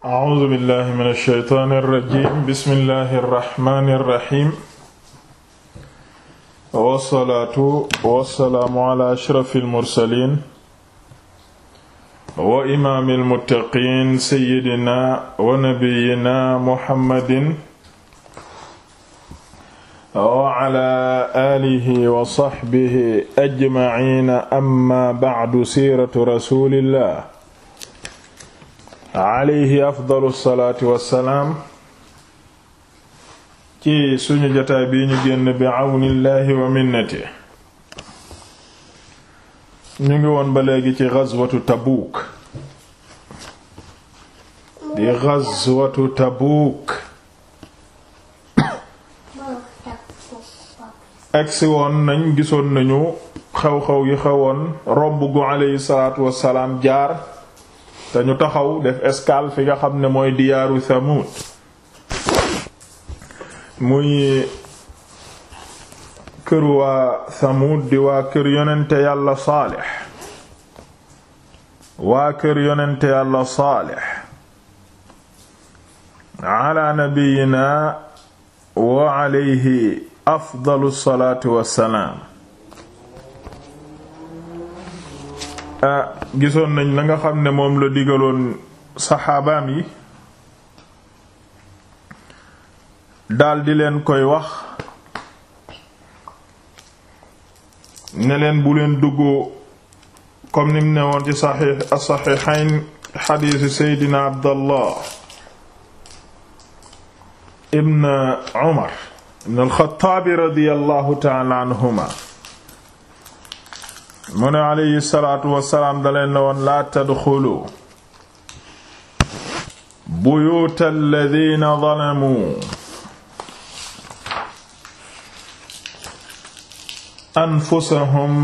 A'uuzu billahi mina shaytaani rajiim bismillahi rahmaani rahiim wassalaatu wassalaamu ala ashrafil mursaliin wa imaamil muttaqiin sayyidinaa wa nabiyyinaa Muhammadin wa ala aalihi wa sahbihi ajma'iin amma ba'du siiratu rasuulillah alayhi afdalu salaati wassalaam ci suñu jotaay bii ñu génn bi àwnillaahi wa minnati ñu ngi woon ba léegi ci gazwatu tabuuk di gazwatu tabuuk agsi woon nañ gisoon nañu xew-xew yi xewoon romb gu alayhi salaatu wassalaam jaar te ñu taxaw def escale fi nga xam ne mooy diyaaru Samud muy kër waa di waa kër yonente yàlla Saalix waa kër yonente yàlla Saalix ala nabiyina wa alayhi afdalu salaatu wassalaam Ah, gisoon nañ la nga xam ne moom la digaloon saxaabaam yi daldi leen koy wax ne leen bu leen duggoo comme nim ne woon ci saxiix as-saxiixayn xadiisu seydina abdallah ibn umar ibn alxataabi radiyallahu taala anhuma mu ne alayhi salaatu wassalaam daleen la woon laa tadxulu buyuta alladina zalamu anfusahum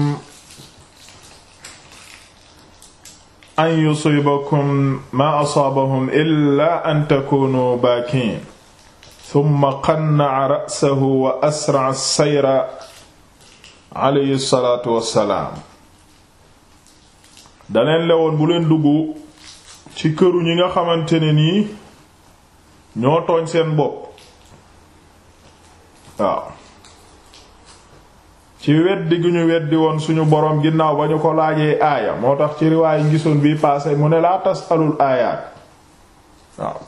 an yusibakum ma asaabahum illa an takunu baakin thumma qannaca ra'sahu wa asraca sayra alayhi salaatu wassalaam daneen lewoon bu leen dugg ci këru ñi nga xamante ne nii ñoo tooñ seen bopp waaw ci weddi gu ñu weddi woon suñu boroom ginnaaw ba ñu ko laajee aaya moo tax ci riwaayu gisoon bi passé mu ne laa tas alul aayaat waaw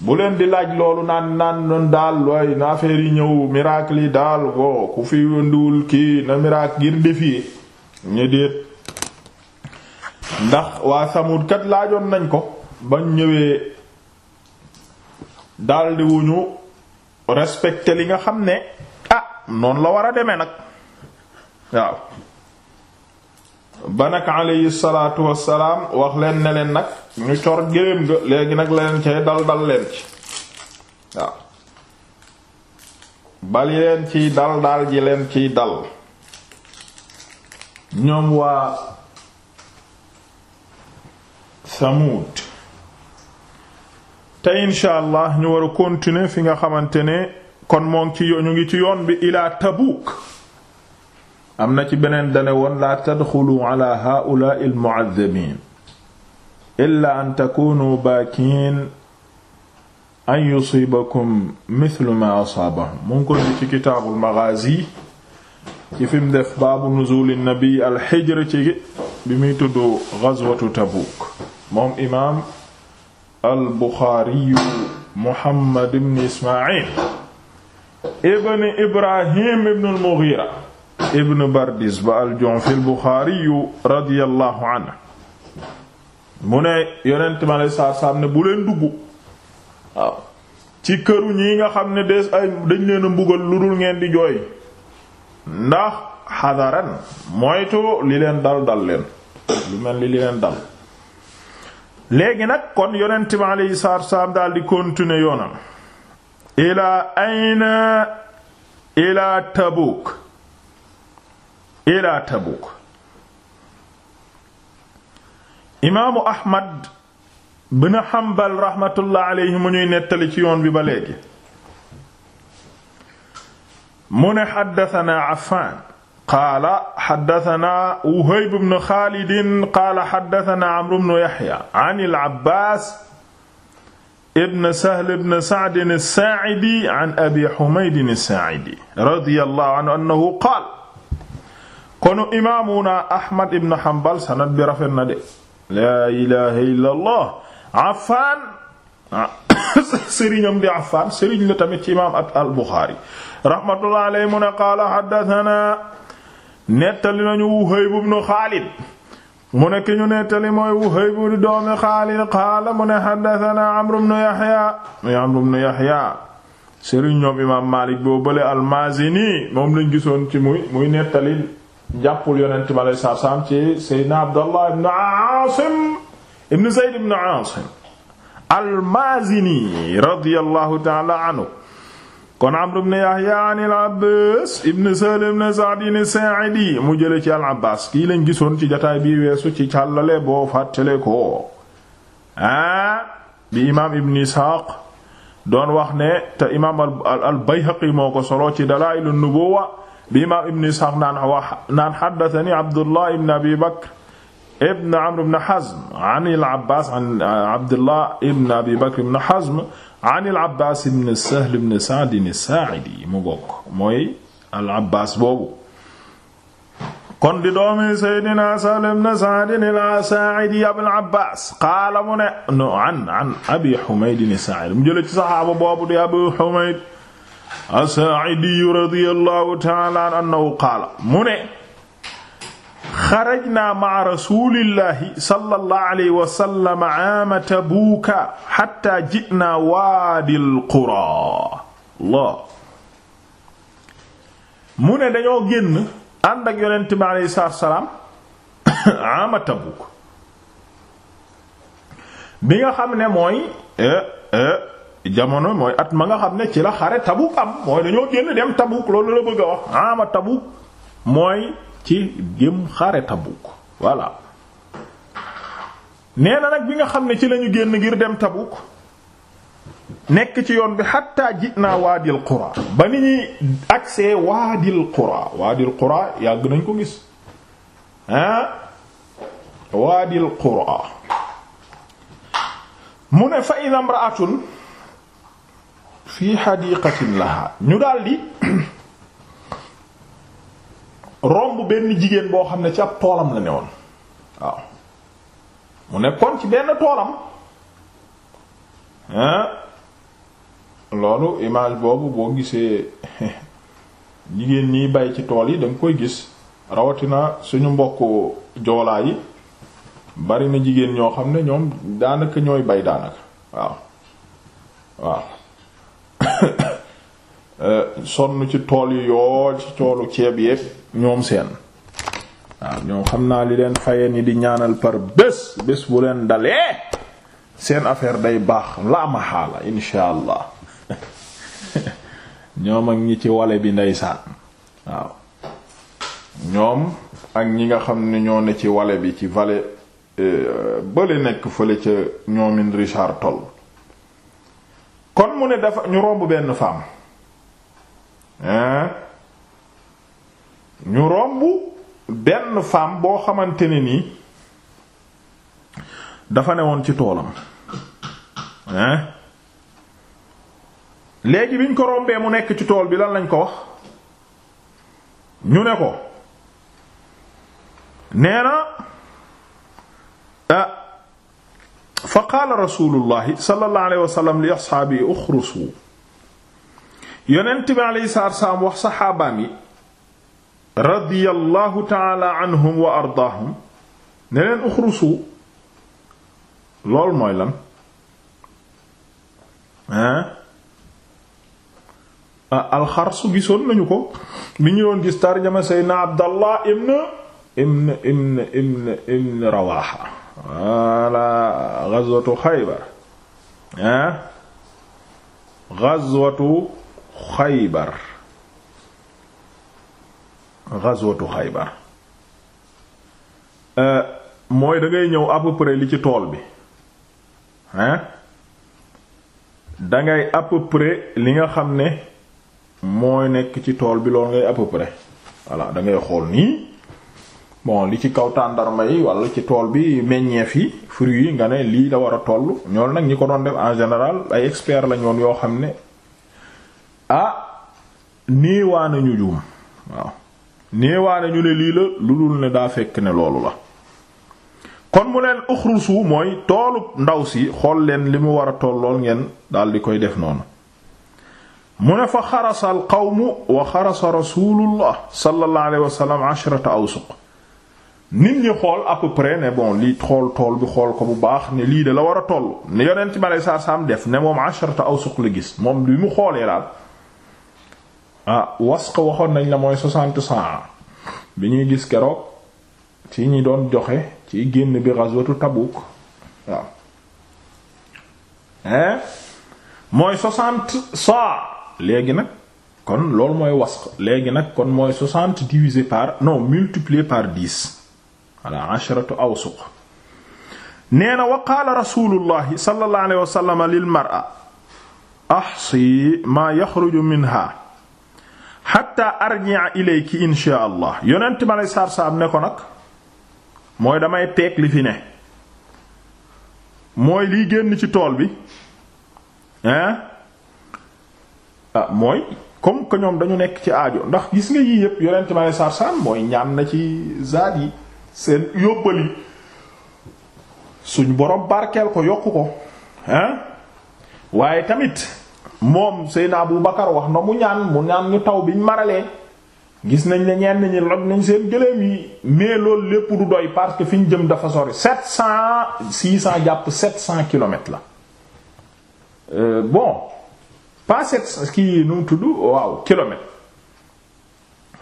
bu leen di laaj loolu naan naan noon daal way na yi ñëw miracle yi daal go ku fi wënduwul kii na miracle ngir défier ñu déet ndax waa Samud kat laajoon nañ ko ba ñëwee daldi wuñu respecté li nga xam ne ah noonu la war a demee nag waaw ba nag alayhi salaatu wassalaam wax leen ne nag ñu cor gëléem ga léegi nag la leen cay dal dal leen ci waaw bali leen ciy dal dal ji leen ciy dal ñoom waa Samuud te incha allah ñu war a fi nga xamante ne kon moom ci ñu ngi ci yoon bi ilaa Tabuuk am na ci beneen dane woon laa tadxulu ala haa'ulaa'i al-mu'azzabiin illaa an takuunu baakiin an yusiibakum mithlu maa asaabahum mu ngi ci kitaabul maghaazi ci fi def baabu nuzuuli nabi al-hijr ci bi muy tudd Tabuuk moom imaam al buxaariyu muhammad ibn ismail ibn ibrahim ibn al mughira ibn bardisba al ju'fi al buxaariyu radiyallahu anhu mu ne yonent ma lay saar ne bu leen dugg ci këru ñi nga xam ne des ay dañ leen a mbugal lu dul ngeen di jooy ndax xadaran moytu li leen dal dal leen lu mel ni li leen dal léegi nag kon yonent bi alayhi salaatu wassalaam daal di continuer yoonam ilaa ayna ilaa Tabuk ilaa Tabuk imaamu Ahmad bin Hanbal rahmatullah mu ñuy nettali ci yoon bi ba léegi mu ne haddathana Affan qaala xaddatanaa Wuhayb bnu Xaalidin qaala xaddatanaa Amru bnu Yaxya an al-Abbaas ibn Sahl ibn Sa'd as-Saa'idi an Abi Humayd as-Saa'idi radiyallahu anhu annahu qaala kon imaamunaa Ahmad ibn Hanbal sanad bi rafet na de laa ilaaha illallah Affaan sëriñam di Affaan sëriñ la tamit ci imaam al-Buxaari rahmatullahi alayhi mu ne qaala xaddatanaa nettali nañu Wuhayb ibn Xaalid mu ne ki nettali mooy Wuhayb di doomi Xaalid qaala mu ne haddathana Amr ibn Yahya muy Amr imaam Maalik boo bële al-Maazini moom lañ gisoon ci muy muy nettali jàppul yonent mi alayhi salaam ci Seydina Abdallah ibn Aasim ibn Zayd ibn Aasim al-Maazini radiyallahu ta'ala anhu kon Amr ibn Yahya an al-Abbaas ibn Sahl ibn Sa'd as-Saa'idi mu jële ci al-Abbaas kii lañ gisoon ci jataay bii weesu ci càllale boo fàttale ko ah bi imaam Ibn Isxaaq doon wax ne te imaam al-Bayhaqi moo ko solo ci Dalaa'il an-Nubuwwa bi imaam Ibn Isxaaq naan wax naan haddathani Abdullah ibn Abi Bakr ibn Amr ibn Hazm an al-Abbaas an Abdullah ibn Abi Bakr ibn Hazm an al-Abbaas ibn Sahl ibn Sa'd as-Saa'idi mu bokk mooy al-Abbaas boobu kon di doomi Seydina Sahl ibn Sa'd as-Saa'idi Abul Abbaas qaala mu ne no an an Abi Humayd as-Saa'idi mu jële ci saxaaba boobu di Abu Humayd as-Saa'idi radiyallahu ta'ala anhu qaala mu ne xarajnaa ma'a rasuulillaahi sallallahu alayhi wa sallam ne dañoo génn ànd ak yonent bi salaam aama tabuuk bi nga xam ne mooy eh, eh, jamono mooy at ma nga xam ne ci la xare tabuuk am mooy dañoo génn dem tabuuk loolu la bëgg a wax tabuuk mooy. ci jëm xare Tabuk voilà nee nag bi nga xam ne ci lañu génn ngir dem Tabuk nekk ci yoon bi xatta ji naa waadil qura ba ni ñuy agsee waadil qura waadil qura yàgg nañ ko gis ah waadil qura mu ne fa idha imra'atun fi hadiqatin laha ñu daldi romb benn jigéen boo xam ne ci ab toolam la ne woon waaw mu nekkoon ci benn toolam hein loolu image boobu boo gisee jigéen ñiy bay ci tool yi da koy gis rawatina suñu mbokku joolaa yi bari na jigéen ñoo xam ne ñoom daanaka ñooy bay daanaka waaw waaw Euh, sonn ci tool yi yoo ci toolu ceeb yeeg ñoom seen waaw ñoom xam naa li leen fayeen yi di ñaanal par bés bés bu leen dalee seen affaire day baax la ma xaala insha ñoom ak ñi ci wale bi ndeysaan waaw ñoom ak ñi nga xam ni ñoo ne ci wale bi ci vallée euh, bële nekk fële ca ñoomin Richard Toll kon mu ne dafa ñu romb benn femme ñu romb benn femme boo xamante ne nii dafa newoon ci toolam léegi biñ ko rombee mu nekk ci tool bi lan lañ ko wax ñu ne ko nee na ah, fa qaala rasulullahi sallallahu alayhi wa sallam li ashaabi uxrusu yonent bi alayhi salaatu salaam wax saxaabaam yi radiyallahu taala anhum wa ardaahum ne leen uxrusu lool mooy lan ah, alxarsu gisoon nañu ko li ñu doon gis tarjama seydna abdallah ibn ibn ibn ibn ibn rawaxa wala gazwatu xaybar ah gazwatu xaybar ghazwatu xaybar euh, mooy dangay ñëw à peu li ci tool bi dangay à peu li nga xam ne moo nekk ci tool bi loolu ngay à peu près voilà da ngay xool nii bon li ci kaw tàndarma yi wala ci tool bi meññeef yi fruits yi nga ne lii da war a toll ñool nag ñi ko doon def en général ay experts lañoon yoo xam ne ah néewaa nañu juum waaw néewaa nañu ne lii la lu dul ne daa fekk ne loolu la kon mu leen uxrusu mooy toolu ndaw si xool leen li mu war a tollool ngeen di koy def noonu mu ne fa xarasa al qawmu wa xarasa rasulullah sallallahu alayhi wa sallam ashrata awsuq nit ñi xool à peu près ne bon lii xool tool bi xool ko bu baax ne lii de la war a toll ne yonent bi alayhi salaam def ne moom ashrata awsuq la gis moom li mu xoolee daal ah waxoon nañ la mooy soixante saa bi ñuy gis keroog ci ñi doon joxe ci génn bi ghazwatu Tabuk waaw hein mooy léegi nag kon loolu mooy wasq léegi nag kon mooy soixante divisé par non multiplié par dix voilà asharatu awsuq nee na wa qaala rasulullahi sallallahu alayhi wa lil mar'a ahsi ma yaxruju minha xatta arji'a ilayki insha allah yonent ma lay saar ne ko nag mooy damay peeg li fi ne mooy liy génn ci tool bi hein ah mooy comme que ñoom dañu nekk ci aajo ndax gis nga yii yépp yonent ma lay saar mooy ñaan na ci zaat yi seen yóbbal yi suñ borom barkeel ko yokku ko hein waaye tamit moom Seydina Abu Bakar wax na mu ñaan mu ñaan ñu taw biñ maralee gis nañ ne ñenn ñi loj nañ seen gëléem yi mais loolu lépp du doy parce que fi ñu jëm dafa sori sept cent six cent jàpp sept cent kilomètres la euh, bon pas sept kii nu mu tudd waaw kilomètres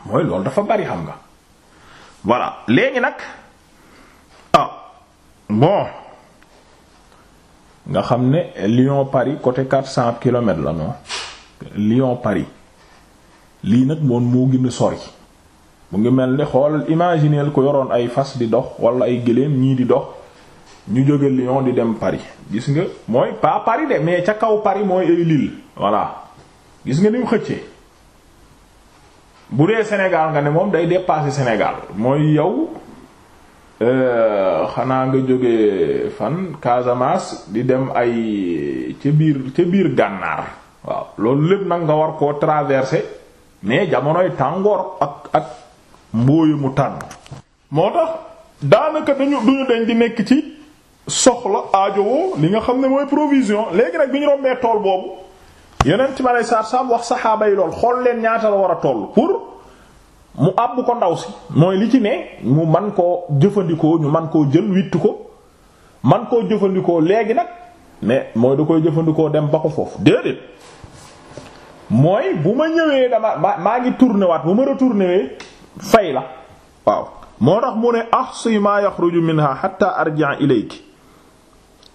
mooy loolu dafa bari xam nga voilà léegi nag ah bon nga xam ne Lyon Paris côté quatre cent kilomètres la non Lyon Paris lii nag moom moo gën sori mu ngi mel ni xool imagineel ko yoroon ay fas di dox wala ay gëléem ñii di dox ñu jóge Lyon di dem Paris gis nga mooy pas Paris de mais ca kaw Paris mooy ay Lille voilà gis nga ni mu xëccee bu dee Sénégal nga ne moom day dépasser Sénégal mooy yow. Euh, xanaa nga jóge fan Casamance di dem ay ca biir ca biir gànnaar waaw loolu lépp nag nga war koo traverser mais jamonoy tàngoor ak ak mbooyu mu tànn moo tax daanaka dañu duñu dañ di nekk ci soxla aajowoo li nga xam ne mooy provision léegi nag bi ñu rombee tool boobu yeneen ci ma lay saar saam wax saxaaba yi lool xool leen ñaata la war a tool pour mu àbb ko ndaw si mooy li ci ne mu man koo jëfandikoo ñu man koo jël witt ko man koo jëfandikoo léegi nag mais mooy du koy jëfandikoo dem ba ko foofu déedéet mooy bu ma ñëwee dama maa ngi tourné waat bu ma retourné wee fay la waaw moo tax mu ne ahsi ma yaxruju minha hatta arji'a ilayki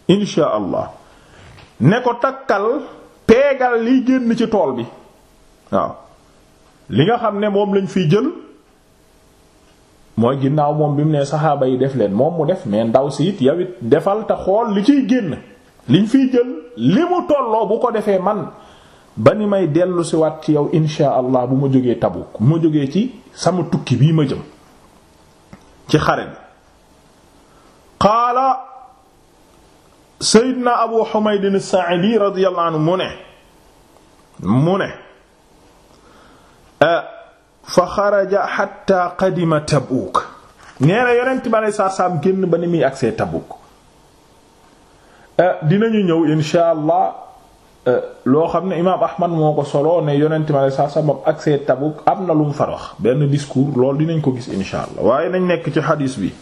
insha allah ne ko takkal peegal liy génn ci tool bi waaw li nga xam ne moom lañ fiy jël mooy ginnaaw moom bi mu nee saxaaba yi def leen moom mu def mais ndaw si it defal te xool li ciy génn liñ fiy jël li mu tolloo bu ko defee man ba ni may dellusiwaat ci yow insha allah bu ma jógee tabu bu ma jógee ci sama tukki bii ma jëm ci xare bi qaala Seydina Abu Humayd as-Sa'idi radiyallahu anhu mu ne mu ne Euh, fa xaraja xatta qadima Tabuk nee na yonent bi salaam génn ba ni muy agsee Tabuk euh, dinañu ñëw insha allah euh, loo xam ne imaam Ahmad moo ko solo ne yonent bi aleyhi salaatu salaam agsee Tabuk am na lu mu fa wax benn discours loolu dinañ ko gis insha allah waaye nañ nekk ci xadiis bi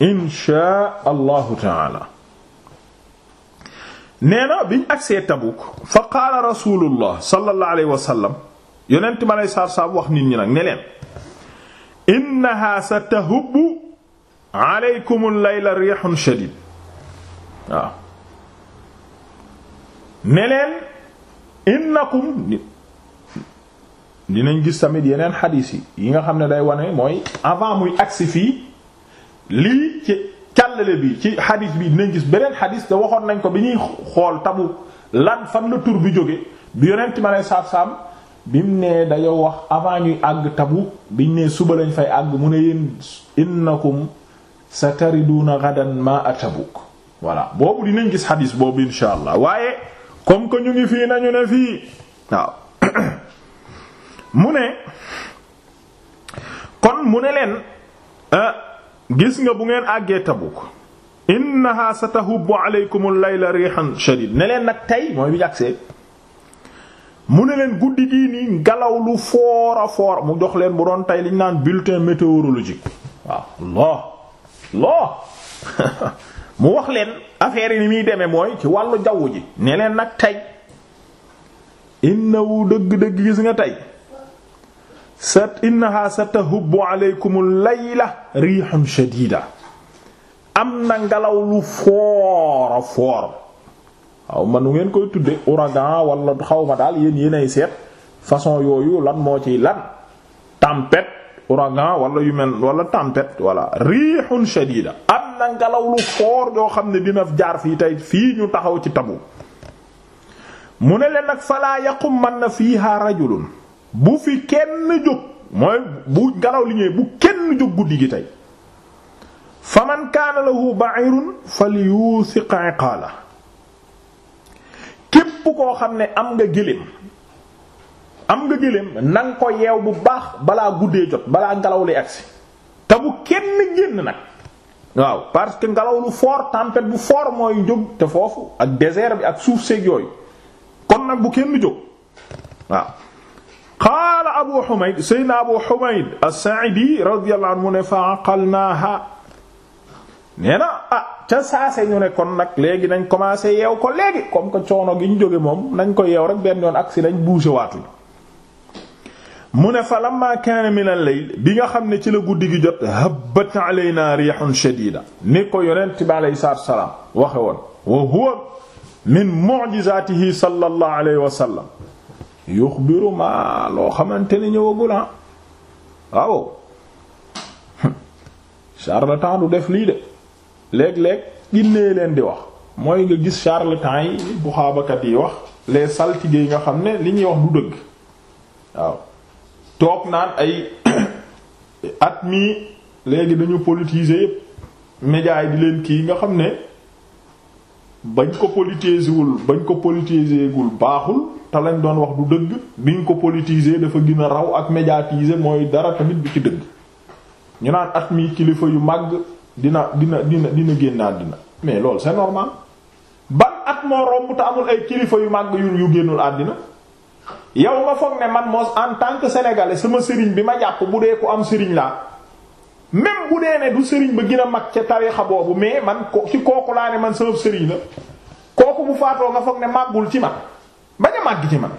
insha allahu taala nee na biñ agsee Tabuk fa qaala rasuulullah sallallahu alayhi wa sallam yonent ma lay saar saab wax nit ñi nag ne leen innaha satahubbu aleykumul layla rihun shadid waaw ne leen innakum dinañ gis tamit yeneen xadiis yi yi nga xam ne day wane mooy avant muy agsi fii lii ci càllale bi ci xadiis bi dinañ gis beneen xadiis da waxoon nañ ko bi ñuy xool tabu lan fan la tur bi jóge bi yonent ma lay saar saab bim ne dañoo wax avant ñuy àgg tabu biñ nee suba lañ fay àgg mu ne yéen innakum satariduna gadan ma a Tabuk voilà boobu dinañ gis xadiis boobu insha allah waaye comme que ñu ngi fii nañu ne fii waaw mu ne kon mu ne leen ah, gis nga bu ngeen àggee Tabuk innaha satahubbu alaykum al-layla rihan shadid ne leen nag tey mooy bi jagsee mu ne leen guddi gii nii ngelaw lu foora foor mu jox leen bu doon tey liñ naan bulletin météorologique waaw loo loo mu wax leen affaire yi ni muy demee mooy ci wàllu jaww ji ne leen nag tey innawu dëgg-dëgg gis nga tey sa innaha satahubbu alaykumul layla rihun shadida am na ngelaw lu foora waaw man nu ngeen koy tudde ouragan wala xaw ma daal yéen yéenay seet façon yooyu lan moo ci lan tempête uragan wala yu mel wala tempête voilà rihun shadida am na ngelaw lu fort yoo xam ne dina jaar fii tey fii ñu taxaw ci tabu mu ne leen nag falaa yaqum man na fiiha rajulun bu fi kenn jóg mooy bu ngelaw li ñëwee bu kenn jóg guddi gi tey faman kaana lahu ba'irun falyusiq iqala képp koo xam ne am nga gëléem am nga gëléem na nga ko yeew bu baax balaa guddee jot balaa ngelaw li agsi te bu kenn génn nag waaw parce que ngelaw lu fort tempête bu fort mooy jóg te foofu ak désert bi ak suuf seeg yooyu kon nag bu kenn jóg waaw qaala abu humayd saydna abu humayd as-sa'idi radiyallahu anhu nee na ah ca saase ñu ne kon nag léegi nañ commencé yeew ko léegi comme que coono gi ñu jóge moom nañ ko yeew rek benn yoon si nañ bouger waatuñ mu ne fa lamma kaana min al-layl bi nga xam ne ci la guddi gi jot habbat alaynaa riihun shadiida ni ko yonent bi alayhi salaatu wa salaam waxe woon wa huwa min mu'jizaatihi sallallahu alayhi wa sallam yuxbiru ma loo xamante ne ñëwagul ah. waaw charlatan du def lii de léeg-léeg ginnee leen di wax mooy nga gis charlatan yi bu xaabakat yi wax les saltige yi nga xam ne li ñuy wax du dëgg waaw toog naan ay at mi léegi dañu politiser yépp médias yi di leen kii nga xam ne bañ ko politiserwul bañ ko gul baaxul te lañ doon wax du dëgg biñ ko politiser dafa gin a raw ak médiatiser mooy dara tamit bi ci dëgg ñu naan at kilifa yu màgg dina dina dina dina génn àddina mais loolu c'est normal ban at moo romb te amul ay kilifa yu màgg yu yu génnul àddina yow nga foog ne man moos en tant que sénégalais sama sëriñ bi ma jàpp bu dee ku am sëriñ laa même bu dee ne du sëriñ ba gën a mag ca tariixa boobu mais man ko ci kooku laa ne man sama sëriñ la kooku bu faatoo nga foog ne màggul ci man ba a màgg ci man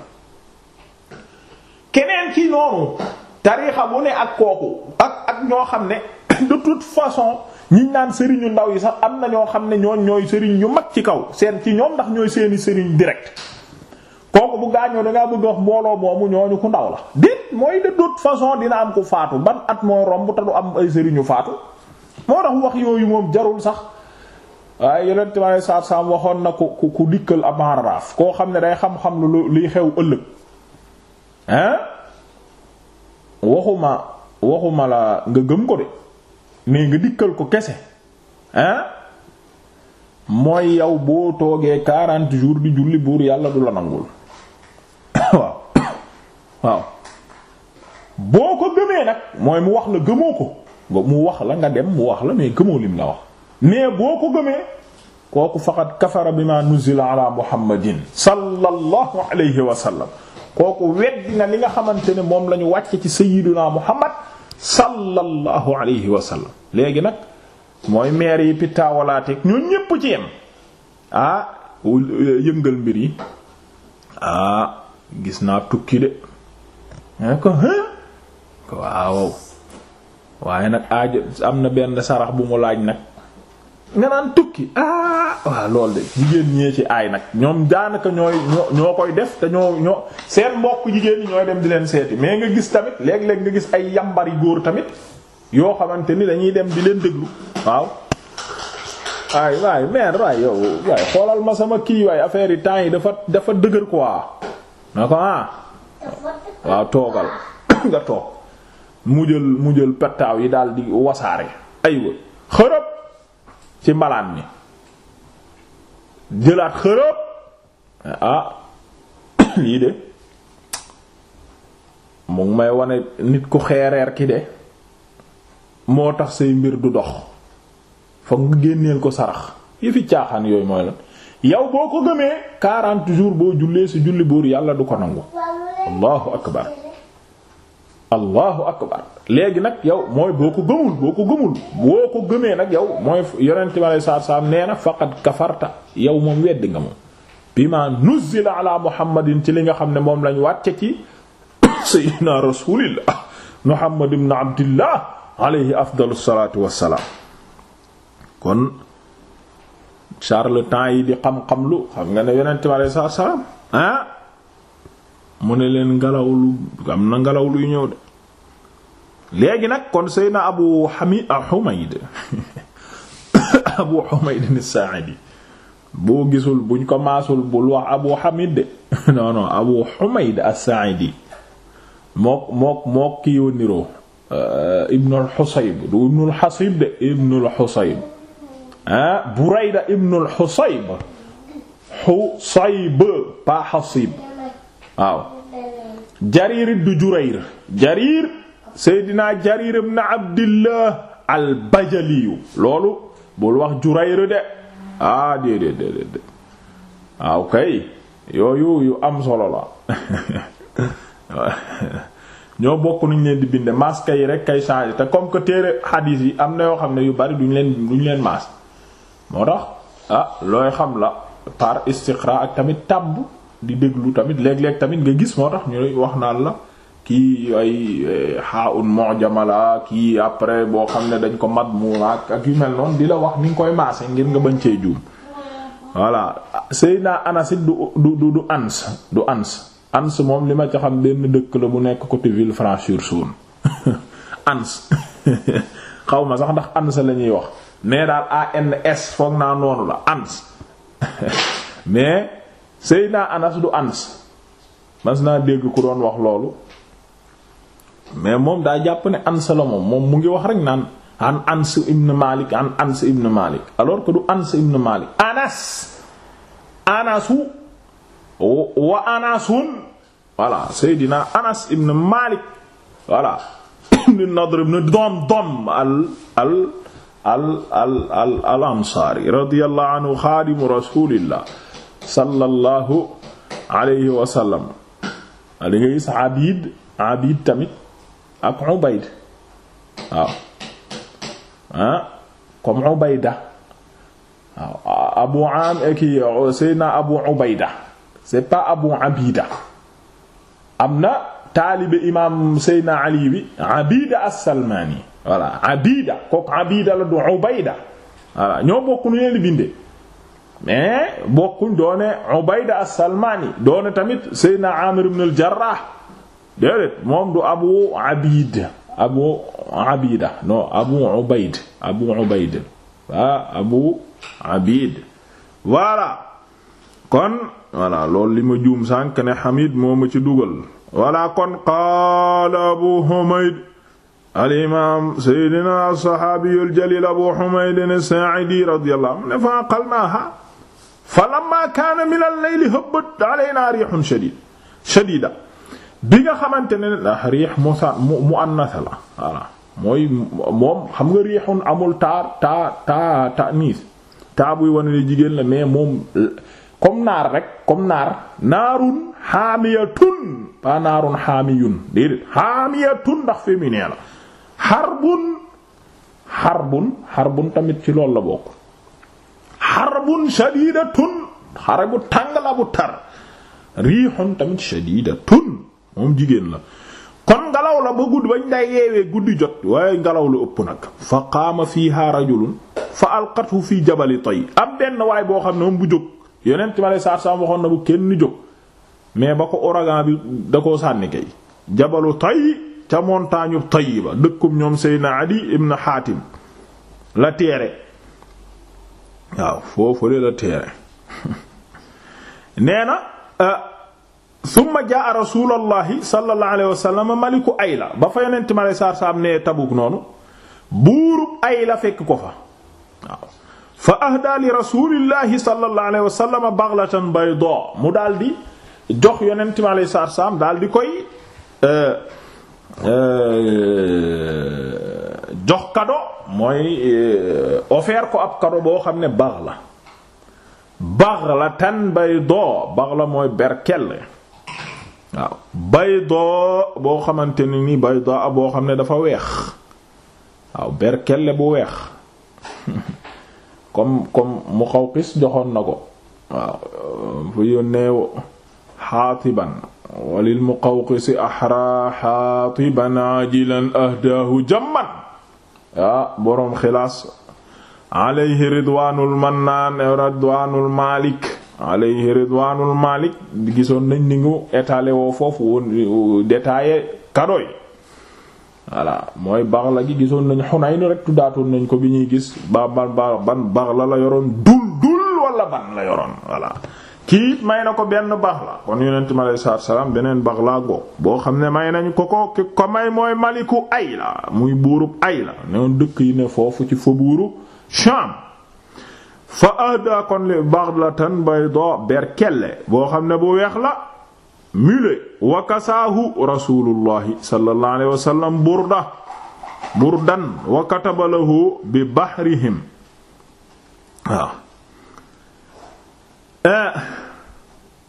keneen ci noonu tariixa bu ne ak kooku ak ak ñoo xam ne de toute façon ñi naan sëriñu ndaw yi sax am na ñoo xam ne ñooñ ñooy sëriñ yu mag ci kaw seen ci ñoom ndax ñooy seeni sëriñ direct kooku bu gaañoo da ngaa bëgg mbooloo moomu ñooñu ku ndaw la déet mooy de toute façon dina am ko faatu ban at moo romb te du am ay sëriñu faatu moo tax wax yooyu moom jarul sax waaye yeneen tamit saa waxoon na ku ku dikkal ab enraaf koo xam ne day xam-xam lu luy xew ëllëg hein waxuma waxuma la nga gëm ko de. mais nga dikkal ko kese ah mooy yow boo toogee quarante jours di julli buur yàlla du la nangul waaw waaw boo ko gëmee nag mooy mu wax la gëmoo ko mu wax la nga dem mu wax la mais gëmoo lim la wax mais boo ko gëmee kooku faqad kafara bima nuzila ala muhammadin sallallahu alayhi wa sallam kooku weddi na li nga xamante ne moom la ñu wàcce ci sayyiduna muhammad sallallahu alayhi wa léegi nag mooy maire yi pittaawalaateeg ñun ñépp ci yem ah yëngal mbir yi ah gis naa tukki de ah, ne ko waaw waaye nag aajo am na benn sarax bu mu laaj nag nga naan tukki ah waaw loolu de jigéen ñee ci aay nag ñoom daanaka ñooy ñoo ñoo koy def te ñoo ñoo seen mbokk jigéen ñi ñooy dem di leen seeti mais nga gis tamit léeg-léeg nga gis ay yambari góor tamit yoo xamante ni dañuy dem di leen déglu waaw. ay waay mère waay xoolal ma sama kii waay affaire yi temps yi dafa dafa dëgër quoi na ko ah waaw toogal nga toog mu jël mu jël pettaaw yi daal di wasaare aywa xërëb. ci mbalaan mi jëlaat xërëb ah lii de mu ngi may wane nit ku xeereer ki de moo tax say mbir du dox fokk nga génneel ko sarax yi fi caaxaan yooyu mooy la yow boo ko gëmee 40 jours boo jullee si julli buur yàlla du ko nangu allahu akbar allahu akbar léegi nag yow mooy boo ko gëmul boo ko gëmul boo ko gëmee nag yow mooy yonent bi alei saatu salaam nee na faqad kafarta yow moom weddi nga moom bima nuzila ala muhammadin ci li nga xam ne moom lañ wàcce ci sayyidina rasulillah muhammad ibn abdillah alayhi afdalu salatu wassalaam kon charlatan yi di xam-xam lu xam nga ne yonent bi salaam ah mu ne leen ngelaw lu am na ngelaw luy ñëw de léegi nag kon Seydina Abu Hamid Humayd Abu Humayd as-Sa'idi boo gisul buñ ko maasul bul wax Abu Hamid de non non Abu Humayd as-Sa'idi mook mook mook ki yoo niroo euh, Ibnul Husayb du Ibnul Hasib de Ibnul Husayb ah Burayda Ibnul Husayb Husayb pa Hasib waaw jarir du jurayr jarir seydinaa jarir ibn abdillah al bajaliyu loolu bul wax jurayr de ah déedéet déedéet waaw ah, kay yooyu yu am solo la ñoo bokk nuñ leen di bind masque yi rek ay changer te comme que téere xadiis yi am na yoo xam ne yu bari duñ leen duñ leen masque moo tax ah looy xam la par istiqra ak tamit tàmb di déglu tamit léeg-léeg tamit nga gis moo tax ñu wax naan la kii ay eh, xaaun mujamala kii après boo xam ne dañ ko mat mu ak ak yu mel noonu di la wax ni nga koy nga bañ cee juum voilà Seydina Anas du du du ans du ans ans moom li ma ca xam benn dëkk bu nekk côté Villefranche-sur-Saône ma sax ndax ans la ñuy wax mais daal naa noonu la ans mais Seydina Anas du Anas mas naa dégg ku doon wax loolu mais moom daa jàpp ne Ans la moom moom mu ngi wax rek naan an Ans ibn Malik an Ans ibn du Ans ibn Malik Anas Anasu wa Anasun voilà Seydina Anas ibn Malik voilà ibn Nadr ibn Damdam al al al al al al ansari radiyallahu anhu sallallahu alayhi wa sallam nga gis abid abid tamit ak ubayd waaw ah comme abu am eh, ki seyna abu ubayda c'est pas abu abida am na taalibe imam seyna ali bi abida as-salmani kook abida la du ubayda voilà ñoo bokk nu leen bindee mais bokkuñ doone Ubayda as-Salmani doone tamit Seydina Amir ibn al-Jarrah déedéet moom du Abu Abid Abu Abida non Abu Ubayd Abu Ubayd wa Abu kon voilà loolu li ma juum sànk ne Hamid moo ma dugal voilà kon qaala Abu Humayd al-imaam Seydina as-Sahaabiyul Jaliil Abu Humayd as-Saa'idi radiyallahu anhu fa aqalnaaha fa lamma kaana min al-layli hëbbat alaynaa riihun shadiid shadiida bi nga xamante ne ndax riix musa muannasa la voilà mooy moom xam nga riixun amul taa taa taa ta'niis taa buy wane ne jigéen la mais moom comme naar rek comme naar naarun xaamiyatun pas naarun xaamiyun déedéet xaamiyatun ndax féminin la xarbun xarbun xarbun tamit ci loolu la bokk xarbun shadidatun xare bu tàng la bu tar riixun tamit shadidatun moom jigéen la kon ngelaw la ba gudd bañ day yeewee guddi jot waaye ngelaw lu ëpp nag fa qaama fiiha rajulun fa alqathu fi jabali tay am benn waay boo xam ne moom bu jóg yonent ma lay saar saam waxoon na bu kenn jóg mais ba ko ouragan bi da koo sànni kay jabalu tay ca montagne tay ba dëkkum ñoom Seydina Adi ibn Hatim la teere waaw foofale la teere nee na euh, summa jaa rasulallahi sallallahu alayhi wasallam maliku ayla ba fa yonent ma saar saam nee tabuk noonu buurub ayla fekk ko fa waaw fa ahda li rasulillahi sallallahu alayhi wasallam baghlatan bayda mu daal di jox yonent ma saar saam daal di koy euh, euh, jox kado mooy euh, offert ko ab kado boo xam ne baax la baxlatan baydo baxla mooy berkelle waaw baydo boo xamante ne ni baydo a boo xam ne dafa weex waaw berkelle bu weex comme comme Muqawqis joxoon na ko waaw fu euh, yónnee xaatiban walil Muqawqisi ahra xaatiban ajilan ahdaahu jamman ah boroom xilaas alayhi ridwaanul mannaan ridwaanul maalik alayhi ridwaanul maalik gisoon nañ ni ngu étalé woo foofu woon détaillé kado yi voilà mooy baxla gi gisoon nañ Hunayn rek tuddaatoon nañ ko bi ñuy gis ba ban ban baxla la yoroon dul dul wala ban la yoroon voilà kii may na ko benn bax la kon yonent mi aleyhi beneen bax laa goog boo xam ne may nañ ko ko ko may mooy maliku Ayla muy buurub Ayla noonu dëkk yi ne foofu ci fa buuru Sham fa ahda kon li baghlatan bayda berkelle boo xam ne bu weex la mule wa kasaahu rasulullahi burda burdan wa bi bahrihim waaw Eh,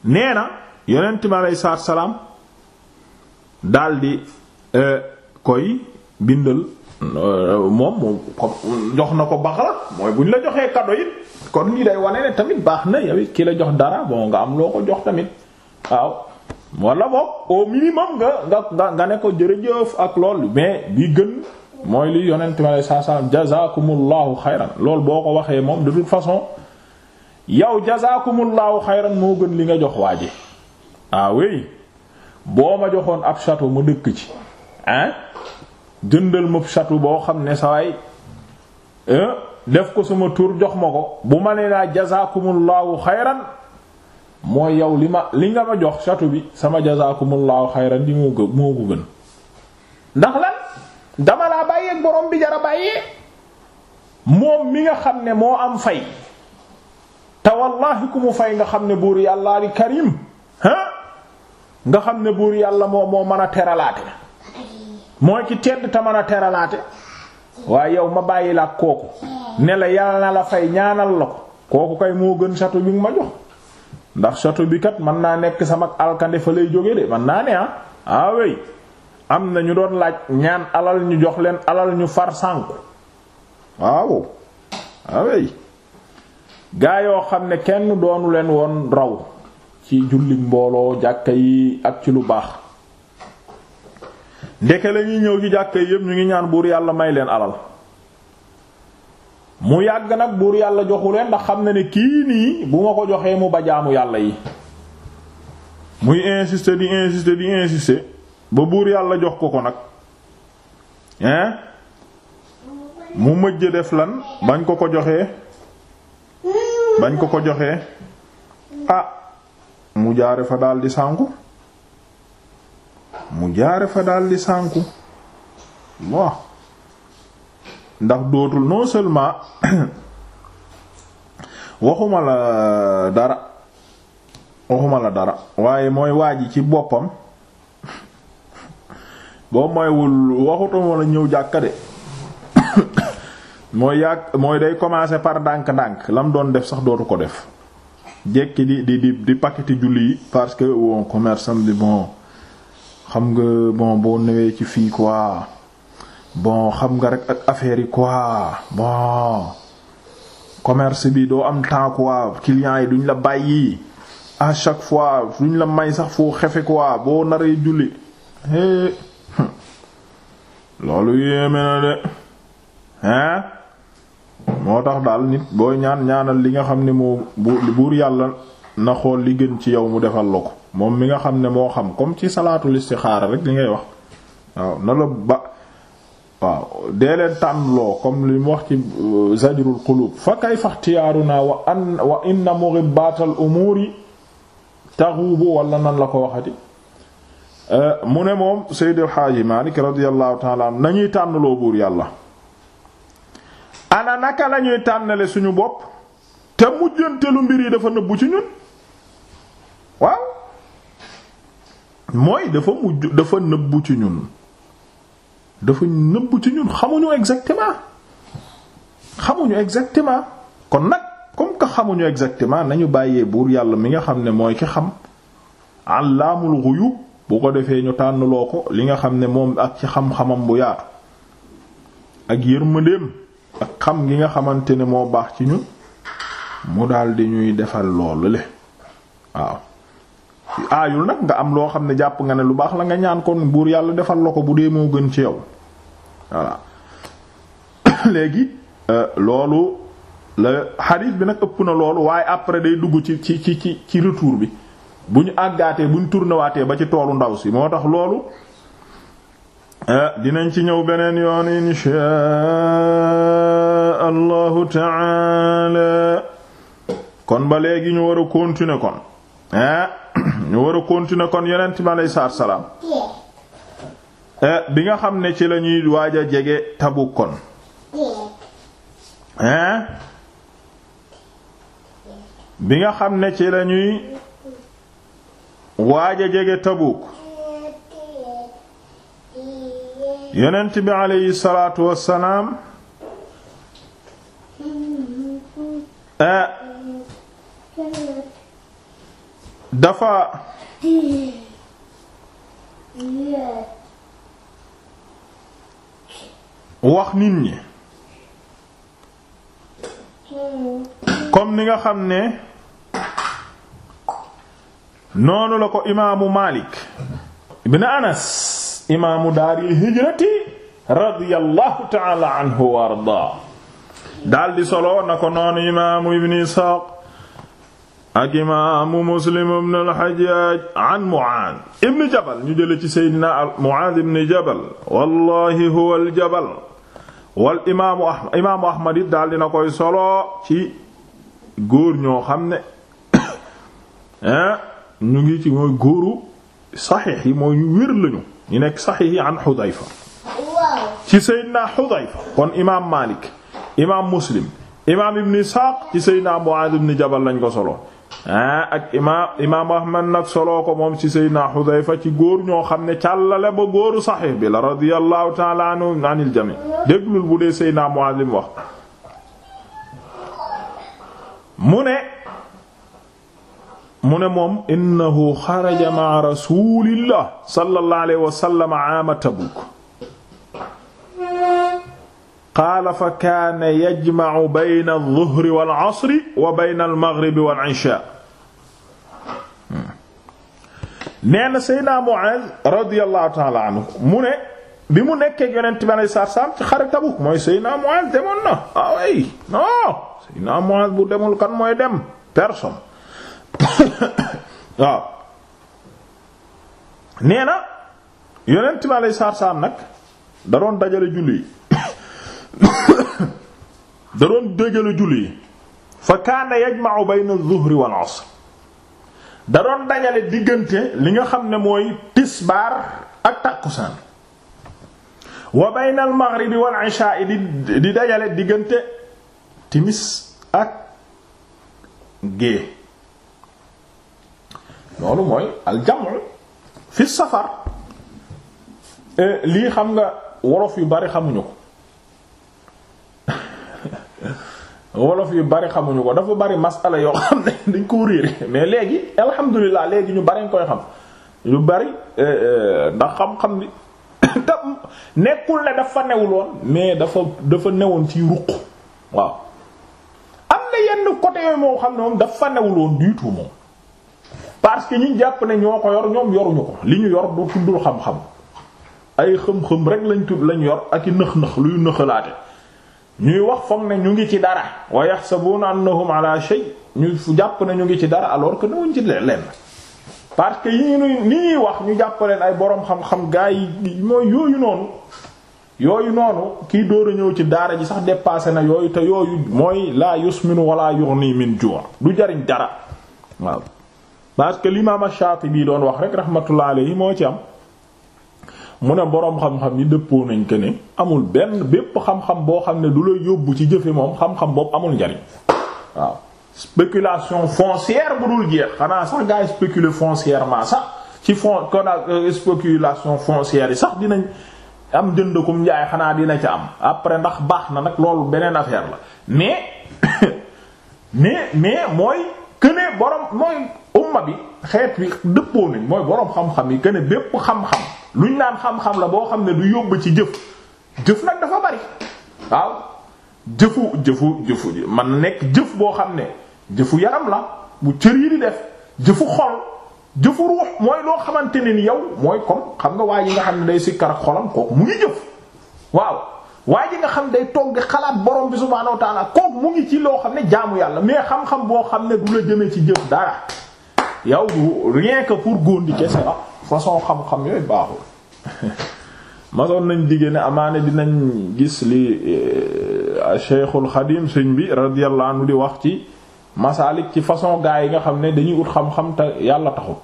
nee na yonent bi aleyhi salaatu salaam daldi eh, koy bindal eh, moom moom jox na ko baxla mooy bu ñu la joxee kado it kon lii day wane ne tamit baax na yow ki la jox dara bon nga am loo ko jox tamit waaw wala boog au minimum nga nga nga ne ko jërëjëf ak lool mais bi gën mooy li yonent bi aleyhi salaam jazaakumullahu xayran lool boo ko waxee moom de toute façon. yow jazaakumullaahu xayran moo gën li nga jox waaj ji ah boo ma joxoon ab château ma dëkk ci ah jëndal ma château boo xam ne sa def ko sama tur jox ma ko bu ma nee naa jazaakumullaahu xayran moo yow li ma li nga ma jox château bi sama jazaakumullaahu xayran di moo gën moo ko gën ndax lan dama laa bàyyeeg borom bi jara bàyyee moom mi nga xam ne moo am fay. te wallaahi ku mu fay nga xam ne buur yàllaa di karim ne buur yàlla moo moo mën a teralaate mooy ci tedd te mën a teralaate waaye yow ma bàyyi la kooku ne la yàlla na la fay ñaanal la ko kooku kay moo gën satu bi nga ma jox ndax château bi kat mën naa nekk sama alkande fa lay jóge de mën naa ne ah awey ah am na ñu doon laaj ñaan alal ñu jox leen alal ñu far sànku waaw awey ah gaa yoo xam ne kenn doonu leen woon raw ci julli mbooloo jàkka yi ak ci lu baax ndeke la ñuy ñëw ci jàkka yi yépp ñu ngi ñaan buur yàlla may leen alal mu yàgg nag buur yàlla joxu leen ndax xam na ne kii nii bu ma ko joxee mu ba yàlla yi muy insister di insister di insister ba buur yàlla jox ko ko nag hein mu mëjj def lan bañ ko ko joxee bañ ko ko joxee ah mu jaare fa daldi sànku mu jaare fa daldi sànku waaw ndax dootul non seulement waxuma la dara waaye mooy waaji ci boppam boo mooywul waxutuma la ñëw jàkka de mooy yàgg mooy day commencer par dànk ndànk lam doon def sax dootu ko def jekki di di di di paqueti julli yi parce que bon commerce bi bon xam nga bon boo newee ci fii quoi bon xam nga rek ak affaire yi quoi bon commerce bi doo am temps quoi clients yi duñ la bàyyi à chaque fois duñ la may sax foo xefe quoi boo naree julli eh, loolu yéeme na de hein moo tax daal nit booy ñaan ñaanal li nga xam ne moo buur yàlla na xool li gën ci yow mu defal la ko moom mi nga xam ne moo xam comme ci salaatul istixaara rek li ngay wax waaw na la ba waaw dee leen tànnloo comme li mu wax ci euh, zajrul qulub fa kayfa ixtiyaaruna wa an wa inna mughibbatal umuri taxubu wala nan la ko waxati euh, mu ne moom Seydil Haaji Maalik radiyallahu ta'ala nañuy tànnloo buur yàlla ana naka lañuy tànnale suñu bopp te mujjantelu mbir yi dafa nëbbu ci ñun waaw mooy dafa mujj dafa nëbbu ci ñun dafa nëbbu ci ñun xamuñu exactement xamuñu exactement kon nag comme que xamuñu exactement nañu bàyyee buur yàlla mi nga xam ne mooy ki xam allaamul ghuyub bu ko defee ñu tànnloo ko li nga xam ne moom ak ci xam-xamam bu yaatu ak yërmandeem ak xam gi nga xamante ne moo baax ci ñu mu di ñuy defal loolu le waaw aayul nag nga am loo xam ne jàpp nga ne lu baax la nga ñaan kon buur yàlla defal la ko bu dee moo gën ci yow voilà léegi euh, loolu la xadiis bi nag ëpp na loolu waaye après day dugg ci ci ci ci ci retour bi bu ñu àggaatee bu ñu tournewaatee ba ci toolu ndaw si moo tax loolu euh, dinañ ci ñëw beneen yoon allahu taala kon ba léegi ñu war a continuer kon ah ñu war a kon yonent bi aleyhi salaatu salaam eh, bi nga xam ne ci la ñuy waaj a jege Tabuk kon hein eh, bi nga xam ne ci la ñuy waaj a jege Tabuk yonent bi salaatu wassalaam Eh, dafa wax nit ñi comme ni nga xam ne noonu la ko imaamu Maalik ibn Anas imaamu daaril hijrati radiyallahu ta'ala anhu wa ardaa daldi solo na ko noonu imaamu ibn Isxaaq ak imaamu Muslim ibn al-Hajjaaj an Muaaz ibn Jabal ñu jële ci seydna Muaaz ibn Jabal wallahi huwa al-Jabal wal imaamu Ahmad imaamu daldi na koy solo ci góor ñoo xam ne ñu ngi ci mooy góoru saxiix yi mooy ñu wér lañu ñu nekk saxiix yi an Xudayfa ci Seydina Xudayfa kon imaam Maalik imaam muslim imaam ibn Isxaaq ci Seydina Muaaz ibn ko solo ah ak imaam imaam Ahmad nag soloo ko moom ci Seydina Xudayfa ci góor ñoo xam ne càllale ba góoru saxiix bi la radiyallahu ta'ala anhu anil jami déglul bu dee Seydina Muaaz li mu wax mu ne mu ne moom innahu xaraja ma'a rasuulillah sallallahu alayhi wa sallam aama Tabuuk qaala fa kaana yajmacu bayna alzuhri wal asri wa bayna almaghribi wal isha nee na Seydina Muaz radiyallahu taala anhu mu ne bi mu nekkee yonent bi alayhi salaam ci xare Tabuk mooy Seydina Muaz demoon na ah oui non Seydina Muaz bu demul kan mooy dem personne waaw nee na yonent bi alayhi salaam nag da doon dajale julli da doon déggalu julli yi fa kaana yajma'u bayna adh-dhuhri wal 'asr da doon dajale diggante li nga xam ne mooy tisbaar ak tàkkusaan wa bayna al-maghribi wal 'ishaa'i di dajale diggante timis ak gée loolu mooy al-jam'u fi safar eh, lii xam nga worof yu bari xamuñu ko wolof yu bari xamuñu ko dafa bari masala yoo xam ne dañ koo réere mais léegi alhamdulilah léegi ñu bari nga koy xam ñu bari euh, euh, ndax xam-xam bi te nekkul ne dafa newuloon mais dafa dafa newoon ci ruq waaw am na yenn côté yooyu xam ne moom dafa newuloon du tout moom parce que ñu jàpp ne ñoo ko yor ñoom yoruñu ko li ñu yor du tuddul xam-xam ay xëm-xëm rek lañ tudd lañ yor ak i nëx-nëx luy nëxalaate ñuy wax foog ne ñu ngi ci dara wa yahsabuna annahum ala shay ñu jàpp na ñu ngi ci dara alors que newuñ ci lenn parce que yi ñuy ni ñuy wax ñu jàpp ay boroom xam-xam gaa yi mooy yooyu noonu yooyu noonu kii dóor a ñëw ci daara ji sax dépassé na yooyu te yooyu mooy la yusminu walaa yughni min ju' du jariñ dara waaw parce que l'imam bii doon wax rek rahmatullah alayhi moo ci am mu ne boroom xam-xam yi dëppoo nañ que ne amul benn bépp xam-xam boo xam ne du la yóbbu ci jëfe moom xam-xam boobu amul njariñ waaw spéculation foncière bu dul jeex xanaa sax gaa yi spéculer foncièrement sax ci fon kon a euh, spéculation foncière yi sax dinañ am jënd kum njaay xanaa dina ca am après ndax baax na nag loolu beneen affaire la mais mais mooy këne borom mooy umma bi xeet bi dëppoo nañ mooy borom xam-xam yi këne bépp xam-xam. luñ naan xam-xam la boo xam ne du yóbbu ci jëf jëf nag dafa bari waaw jëfu jëfu jëfu man nekk jëf boo xam ne jëfu yaram la bu cër yi di def jëfu xol jëfu ruux mooy loo xamante ne ni yow mooy comme xam nga waa yi nga xam ne day sikkar ak xolam kooku mu ngi jëf waaw waa ji nga xam day toog xalaat borom bi subhaanahu wa ta'ala mu ngi ci loo xam ne jaamu yàlla mais xam-xam boo xam ne du la jëmee ci jëf dara yow rien que pour góor di kese la façon xam-xam yooyu baaxul masoon nañ digée ne amaane dinañ gis li eh, Cheikhul Xadim sëñ bi radiyallahu anhu di wax ci masaalik ci façon gaa yi nga xam ne dañuy ut xam-xam te yàlla taxut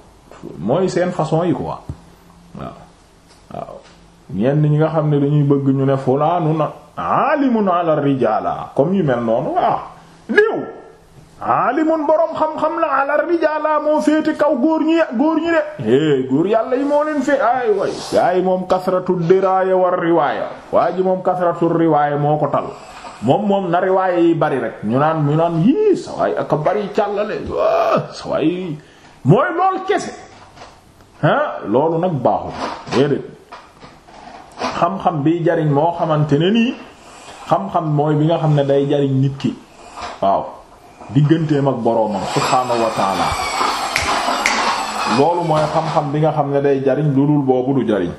mooy seen façon yi quoi waaw waaw ñenn ñi nga xam ne dañuy bëgg ñu ne fulaanu na aalimun ala rijaala comme yu mel noonu waaw néew aalimun boroom xam-xam la ala rijaala moo féete kaw góor ñi góor ñi de góor yàlla yi moo leen fee ay way gaa yi moom kasratul diraaya war riwaaya waa ji moom kasratul riwaaya moo ko tal moom moom na riwaaya yi bari rek ñu naan ñu naan yii sa waay aka bari càllale sa mooy lool kese ah loolu nag baaxul déedéet xam-xam biy jariñ moo xamante ne nii xam-xam mooy bi nga xam ne day jariñ nit ki waaw digganteem ak boroomam subhaanahu wa loolu mooy xam-xam bi nga xam ne day jariñ lu dul boobu du jariñ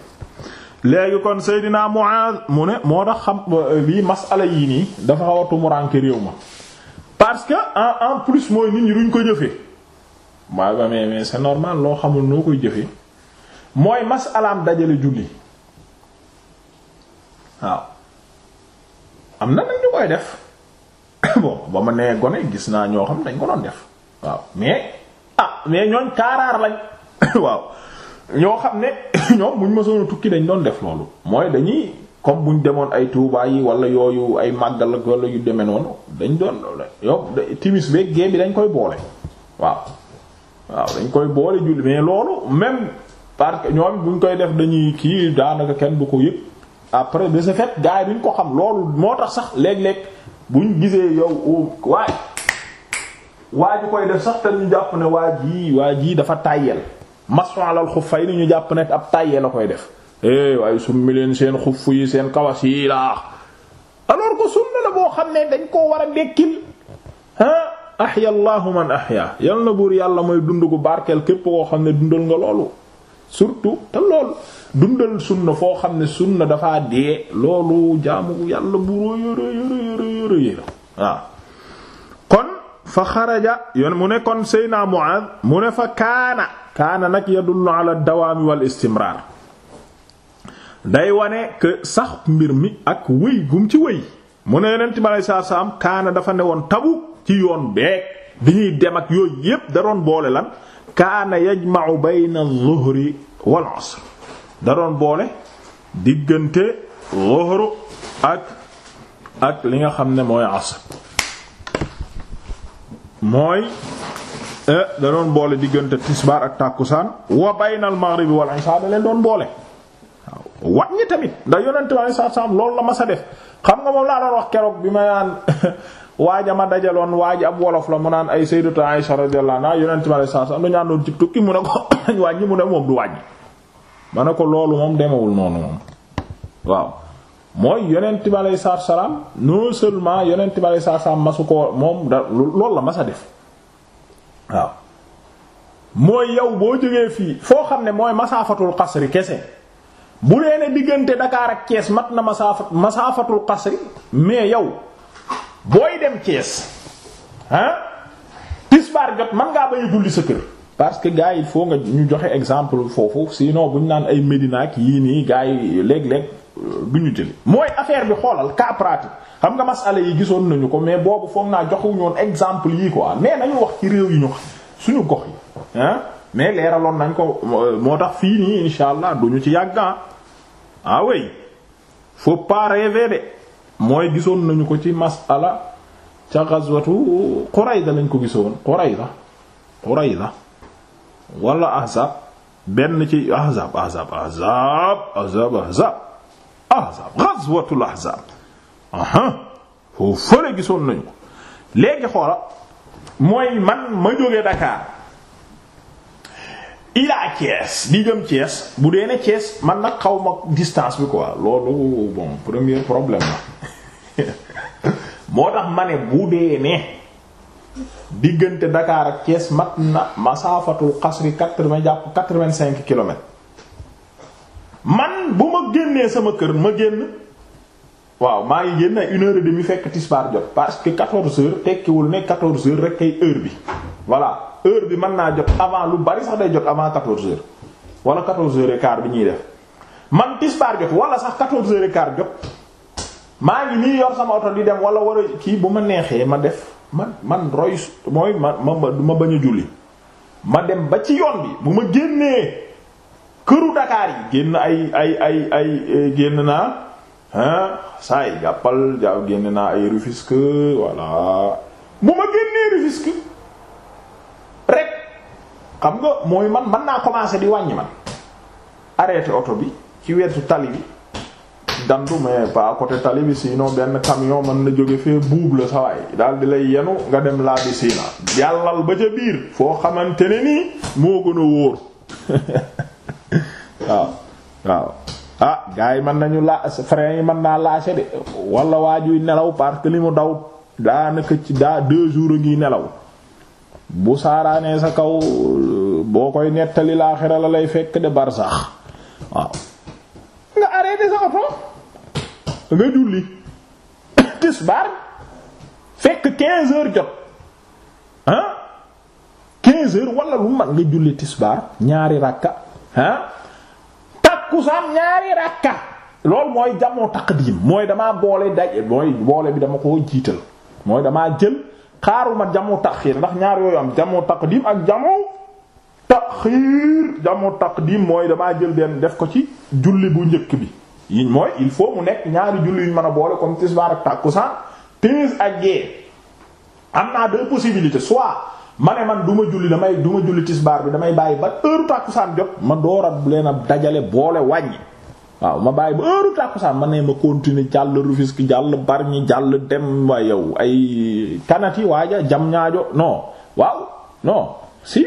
léegi kon Seydina Muaaz mu ne moo tax xam lii masala yii nii dafa xaw a tumuraanke réew ma parce que en en plus mooy nit ñi duñ ko jëfee waaw ba mais loo xamul noo koy jëfee mooy masalaam dajale julli waaw am na nag ñu koy def bon ba ma nee gone gis naa ñoo xam dañ ko doon def waaw mais ah mais ñooñ kaaraar lañ waaw ñoo xam ne ñoom buñ mësoon a tukki dañ doon def loolu mooy dañuy comme buñ demoon ay Touba yi wala yooyu ay màggal ak yu demee noonu dañ doon yow timis beeg gée bi dañ koy boole waaw waaw dañ koy boole julli mais loolu même parce que ñoom buñ koy def dañuy kii daanaka kenn du ko yëg après de ce fait gars yi duñ ko xam loolu moo tax sax léeg-léeg buñ gisee yow waay waa ji koy def sax te ñu jàpp ne waa jii waa ji dafa tàyyel mason alal xuf fay ni ñu jàpp ne ab tàyyel la koy def eh waaye summi leen seen xuf yi seen kawas yi laax alors que sunna la boo xam ne dañ koo war a dekkil ah ahya man ahya yal na buur yàlla mooy dund ku barkeel képp koo xam ne dundal nga loolu surtout te loolu dundal sunna foo xam ne sunna dafaa dee loolu jaamu yàlla bu yore yore yore yore waaw kon fa xaraja yoon mu ne kon Seyna Mu'aaz mu ne fa kaana kaana nag yadullu ala dawaami wal istimraar day wane que sax mbir mi ak wéy gum ci wéy mu ne yonent bi aleyhi salaatu salaam kaana dafa ne woon tabu ci yoon beek bi ñuy dem ak yooyu yépp da doon boole lan kaana yajma'u bayna adh-dhuhri wal 'asr da doon boole diggante dhuhr ak ak li nga xam ne mooy asr mooy eh, da doon boole diggante tisbaar ak tàkkusaan wa bayna al-maghrib wal 'isha da leen doon boole waaw wàññi tamit ndax yonent bi sallallahu alayhi wasallam la ma sa def xam nga moom laa doon wax keroog bi ma yaan waaja ma dajaloon waaj ab wolof la mu naan ay sayyidatu Aisha radiyallahu anha yonent mi alayhi salaam ñu àndoon ci tukki mu ne ko nañ wàññi mu ne moom ne ko loolu moom demewul noonu waaw mooy yonent mi alayhi salaam non seulement yonent mi alayhi masu ko moom loolu la mas a def waaw yow boo jógee fii foo xam ne mooy masaafatul xasri kese bu dee diggante Dakar ak mat na masaafa masaafatul xasri mais yow. booy dem Thiès ah tisbaar jot man ngaa bañ a julli sa kër parce que gars yi foo faut nga ñu joxe exemple foofu sinon bu ñu naan ay Médina ak yii nii gars yi léeg-léeg euh, du ñu jëli mooy affaire bi xoolal cas pratique xam nga masala yi gisoon nañu ko mais boobu foog naa joxuñu woon exemple yii quoi mais nañu wax ci réew yi ñu suñu gox yi ah mais leeraloon nañ ko euh, moo tax fii nii insha allah duñu ci yàgg ah ah oui faut de mooy gisoon nañu ko ci masala ca gazwatu Qurayza lañ ko gisoon Qurayza Qurayza wala ahzab benn ci ahzab ahzab ahzab ahzab ahzab ahzab gazwatul ahzab aha foofu fële gisoon nañu ko léegi xoola mooy man ma jóge ilaa Thiès di jëm Thiès bu dee ne Thiès man nag xaw ma distance bi quoi loolu bon premier problème la moo tax ma ne bu dee ne diggante Dakar ak Thiès mat na masaafatul xasri quatre-vingts jàpp quatre-vingt-cinq kilomètres man bu ma génnee sama kër ma génn waaw maa ngi génn ay une heure et demie fekk tisbaar jot parce que quatorze tekkiwul ne quatorze heures rek kay heure bi voilà heure bi man naa jot avant lu bari sax day jot avant quatorze heures wala quatorze heures et bi ñuy def man tisbaar jot wala sax quatorze heures jot maa ngi nii yor sama oto di dem wala war a kii bu ma neexee ma def man man roy mooy ma ma ma bañ a julli ma dem ba ci yoon bi bu ma génnee këru Dakar yi génn ay ay ay ay e, génn naa ah saa yi jàppal jaaw génn naa ay Rufisque voilà bu ma génnee Rufisque rek xam nga mooy man man naa commencer di wàññi man arrêté oto bi ci wetu tali bi. dandu mais pas côté tali bi sinon benn camion mën na jóge fee buub la sawaay daal di lay yenu nga dem laa bi siina yàllal ba ca biir foo xamante ne nii moo gën a wóor waaw waaw ah gars yi mën nañu la frein yi mën naa lâcher de wala waajuy nelaw parce que li mu daw daanaka ci daa deux jours a ngi nelaw bu saaraanee sa kaw boo koy nettali laaxira la lay fekk de barsax waaw arrêté sa oto nga julli tisbaar fekk 15 heures jot ah 15 heures wala lu mag nga julli tisbaar ñaari rakka ah takkusaan ñaari rakka loolu mooy jamoo taqdim mooy damaa boole daj mooy boole bi dama ko jiital mooy damaa jël xaaruma jamoo taxiir ndax ñaar yooyu am jamoo taqdim ak jamoo taxiir jamoo taqdim mooy damaa jël benn def ko ci julli bu njëkk bi yi mooy il faut mu nekk ñaari julli yu man a boole comme tisbaar ak tàkkusaan timis ak gée am naa deux possibilités soit ma ne man du ma julli damay du ma julli tisbaar bi damay bàyyi ba heure tàkkusaan jot ma doorat leen dajale boole wàññi waaw ma bàyyi ba heure tàkkusaan ma ne ma continuer jàll Rufisque jàll Bargny jàll dem wa yow ay kanati waaja jam ñaajo non waaw non si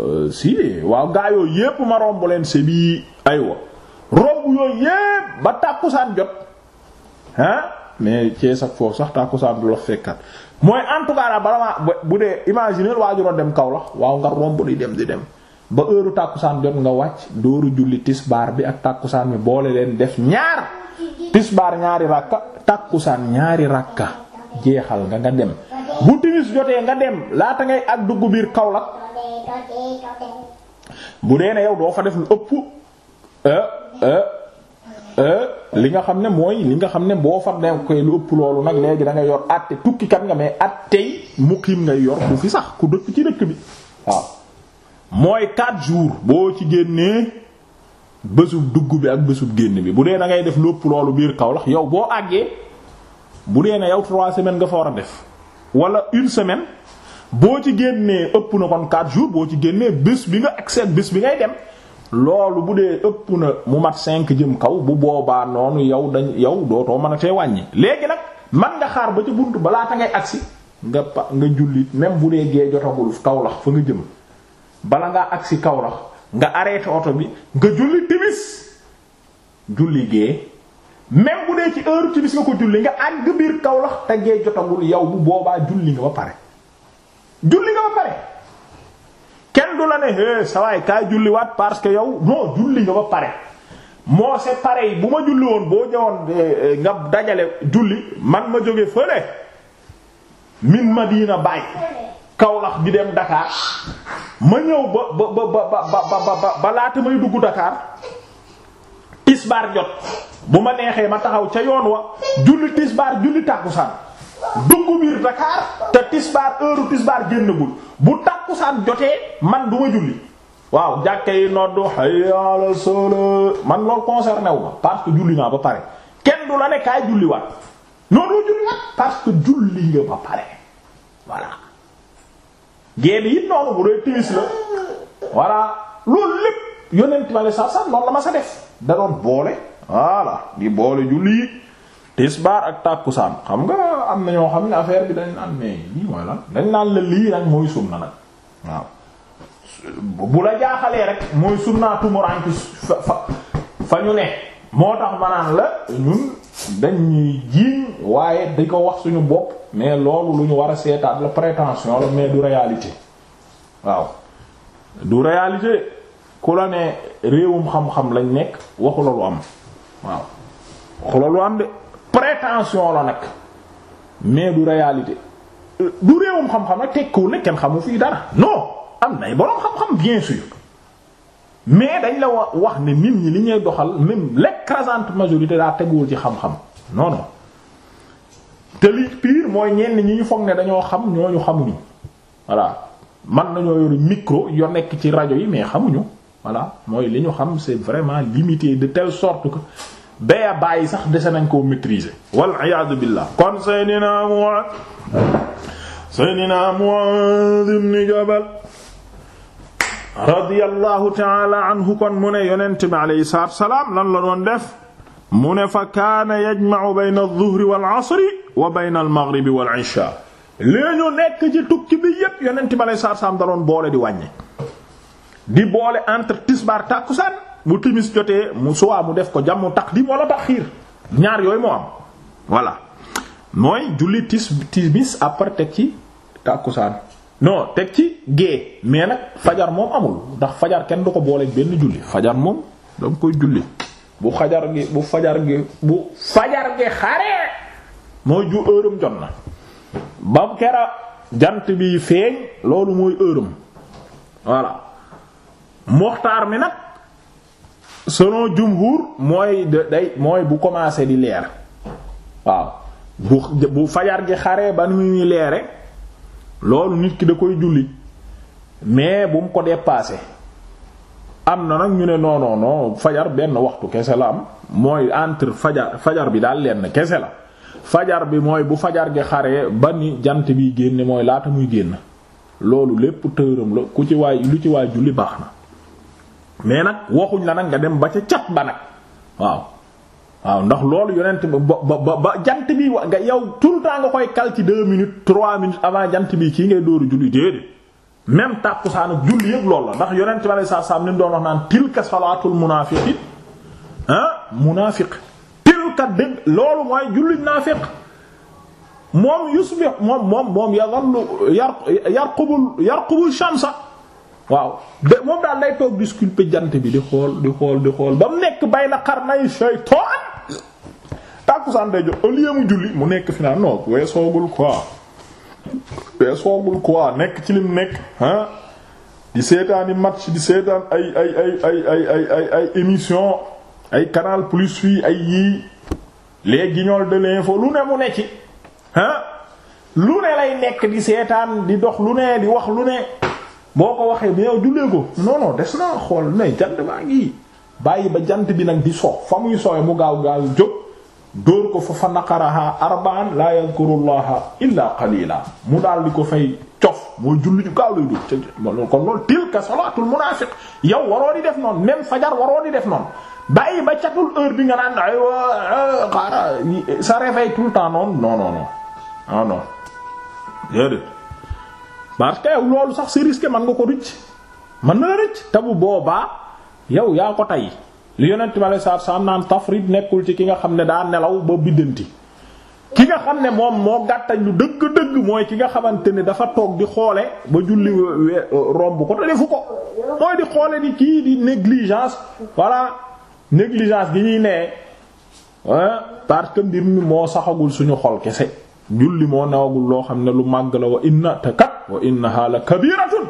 euh, si waaw gaayoo yépp ma romb leen sebi aywa romb yooyu yépp ba tàkkusaan jot ah mais Cees ak foofu sax tàkkusaan du la fekkat mooy en tout cas daal bala ma bu dee imaginer waajuroon dem kaw la waaw nga romb di dem di dem ba heure tàkkusaan jot nga wàcc dooru julli tisbaar bi ak tàkkusaan bi boole leen def ñaar tisbaar ñaari ràkka tàkkusaan ñaari ràkka jeexal nga nga dem bu timis jotee nga dem laata ngay ak dugg biir kaw la bu dee ne yow doo fa def lu ëpp Euh, euh, euh, li nga xam ne mooy li nga xam ne boo far ne koy lu ëpp loolu nag léegi da nga yor àtte tukkikat nga mais àttey muqiim ngay yor ku fi sax ku dëkk ci dëkk bi waaw mooy 4 jours boo ci génnee bésub dugg bi ak bésub génn bi bu dee da ngay def lu ëpp loolu biir Kaolack yow boo àggee bu dee ne yow 3 semaines nga fa war a def wala une semaine boo ci génnee ëpp na kon 4 jour boo ci génnee bés bi nga accès bés bi ngay dem. loolu bu dee ëpp na mu mat cinq jëm kaw bu boobaa noonu yow dañ yow dootoo man a tee wàññi léegi nag man nga xaar ba ca bunt balaa ta ngay agsi nga pa nga jullit même bu dee gee jotagul kaw lax fa nga jëm bala ngaa agsi kaw lax nga arrêté oto bi nga julli timis julli gee même bu dee ci heure timis nga ko julli nga àgg biir kaw te gee jotagul yow bu boobaa julli nga ba pare julli nga ba pare kenn du la ne hé eh, sa kaay julliwaat parce que yow non julli nga ba pare moo c'est pareil bu ma julli woon boo ñëwoon eh, nga dajale julli man ma jóge fële min Madina Baye kawlax bi dem dakaar ma ñëw ba ba ba ba ba ba laata may dugg dakaar tisbaar jot bu ma neexee ma taxaw ca yoon wa julli tisbaar julli tàkkusaan dugg biir Dakar te tisbaar heure tisbaar génnagul bu tàkkusaan jotee man du julli waaw jàkke yi noddu hayya ala sala man loolu concerné wu ma parce que julli ba pare kenn du la ne nga ba pare voilà génn it noonu bu dee timis la voilà loolu lépp yonent ma le sa sa noonu la ma sa def da doon boole voilà di boole julli tisbaar ak tàkkusaan xam nga am na ñoo xam ne affaire bi dañ naan mais lii mooy lan dañ naan la lii nag mooy sunna nag waaw bu la jaaxalee rek mooy sunna tumuraanki fa fa fa ñu ne moo tax ma naan la ñun dañ ñuy jiiñ waaye di ko wax suñu bopp mais loolu lu ñu war a seetaat la prétention la mais du réalité waaw du réalité ku la ne réewum xam-xam lañ nekk waxu la lu am waaw waxu la lu am de prétention la nag mais du réalité du réewum xam-xam nag tekkiwul ne kenn xamu fii dara non am nay boroom xam-xam bien sûr mais dañ la wax ne nit ñi li ñuy doxal même l'écrasante majorité daa teguwul ci xam-xam non non te li pire mooy ñenn ñi ñu foog ne dañoo xam ñooñu xamuñu voilà man nañoo yoru micro yoo nekk ci rajo yi mais xamuñu voilà mooy li ñu xam c'est vraiment limité de telle sorte ko baya bàyyi sax dese nañ koo maîtriser wal iyaadu billah kon seydinaa Mu'aaz seydinaa Mu'aaz ibn Jabal radiyallahu taala anhu kon mu ne yonent bi alayhi salaatu salaam lan la doon def mu ne fa kaana yajma'u bayna adh-dhuhri wal 'asri wa bayna al-maghribi ci tukki bi yépp yonent bi alayhi salaatu salaam da doon boole di wàññi di boole entre tisbaar tàkkusaan bu timis jotee mu suwaa mu def ko jàmmu taqdim wala taxiir ñaar yooyu moo am voilà mooy julli tis timis après teg ci tàkkusaan non teg ci gée mais nag fajar moom amul ndax fajar kenn du ko boole benn julli fajar moom danga koy julli bu xajar gi bu fajar gi bu fajar gi xare mooy ju heuram jot na ba jant bi feeñ loolu mooy heuram voilà moxtaar mi nag selon jumhur mooy day mooy bu commencé di leer waaw bu bu fajar gi xare ba nu muy leere loolu nit ki da koy julli mais bu mu ko dépassé am na nag ñu ne non fajar benn waxtu kese la am mooy entre fajar fajar bi daal lenn kese la fajar bi mooy bu fajar gi xaree ba ni jant bi génne mooy laata muy génn loolu lépp tëram la ku ci waay lu ci waay julli baax na mais nag waxuñ la nag nga dem ba ca cat ba nag waaw waaw ndax loolu yonent ba ba ba jant bi wa nga yow tout le temps nga koy kal ci deux minutes trois minutes avant jant bi kii ngay dóoru julli déedéet même tàkkusaan ak julli yëpp loolu la ndax yonent bi alei satu salaam ni doon wax naan tilka salaatul munaafiqin ah munaafiq tilka dëgg loolu mooy julli naafiq moom yusbih moom moom moom yazallu yarqubul yarqubul shamsa waaw de moom daal lay toog di sculpter bi di xool di xool di xool ba mu nekk bay na xar nay shaytaan tàkkusaan day jox au lieu mu julli mu nekk fi naan soogul weesoogul quoi soogul quoi nekk ci lim nekk ah di seetaani match di seetaan ay ay ay ay ay ay ay ay émission ay canal plus fii ay yii les guignols de lu ne mu ne ci ah lu ne lay nekk di seetaan di dox lu ne di wax lu ne boo ko waxee mais yow jullee ko non des na xool mais jant baa ngi bàyyi ba jant bi nag di so fa muy soowe mu gaaw gaaw jóg dóor ko fa fa naqaraha arba'an la yadhkurullaha illa qalila mu daal di ko fay cof mooy julli ju gaaw lay dóor kon loolu tilka salatul munafiq yow waroo di def noon même fajar waroo di def noonu bàyyi ba catul heure bi nga naan aywa euh, xaaral sa réveil tout le temps noonu ah, parce que yow loolu sax c'est risqué man nga ko rëcc man na la rëcc te bu boobaa yow yaa ko tey li yonent ma lay saa saa naan tafrid nekkul ci ki nga xam ne daa nelaw ba biddanti ki nga xam ne moom moo gàttañ lu dëgg-dëgg mooy ki nga xamante ne dafa toog di xoole ba julli romb ko te defu ko mooy di xoole di kii di négligence voilà négligence gi ñuy nee parce que mbir mi moo saxagul suñu xol kese julli moo nawagul loo xam ne lu màgg la wa inna te kat wa innaha la kabiratun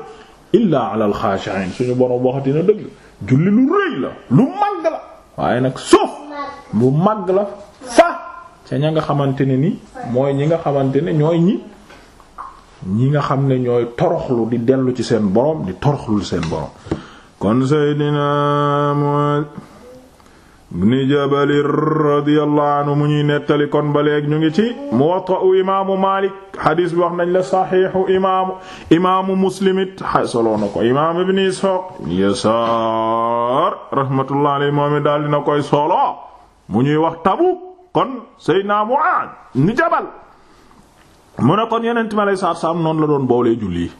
illa ala alxaashiin suñu borom waxati dëgg julli lu rëy la lu màgg la waaye nag suuf bu màgg la fa ca ña nga xamante ne ni mooy ñi nga xamante ne ñooy ñi ñi nga xam ne ñooy toroxlu di dellu ci seen borom di toroxlu seen borom kon Seydina Muhammad bni jabalin radiyallahu anhu mu ñuy nettali kon ba léegi ñu ngi ci muwatta u imaamu malik xadiis bi wax nañ la saxiixu imaamu imaamu muslimit solo na ko imaam ibni yasaar rahmatullah alayhi moom it daal dina koy solo mu ñuy wax tabu kon seydna muaad ni jabal mu ne kon yeneen mi alay saatu salaam noonu la doon boolee julli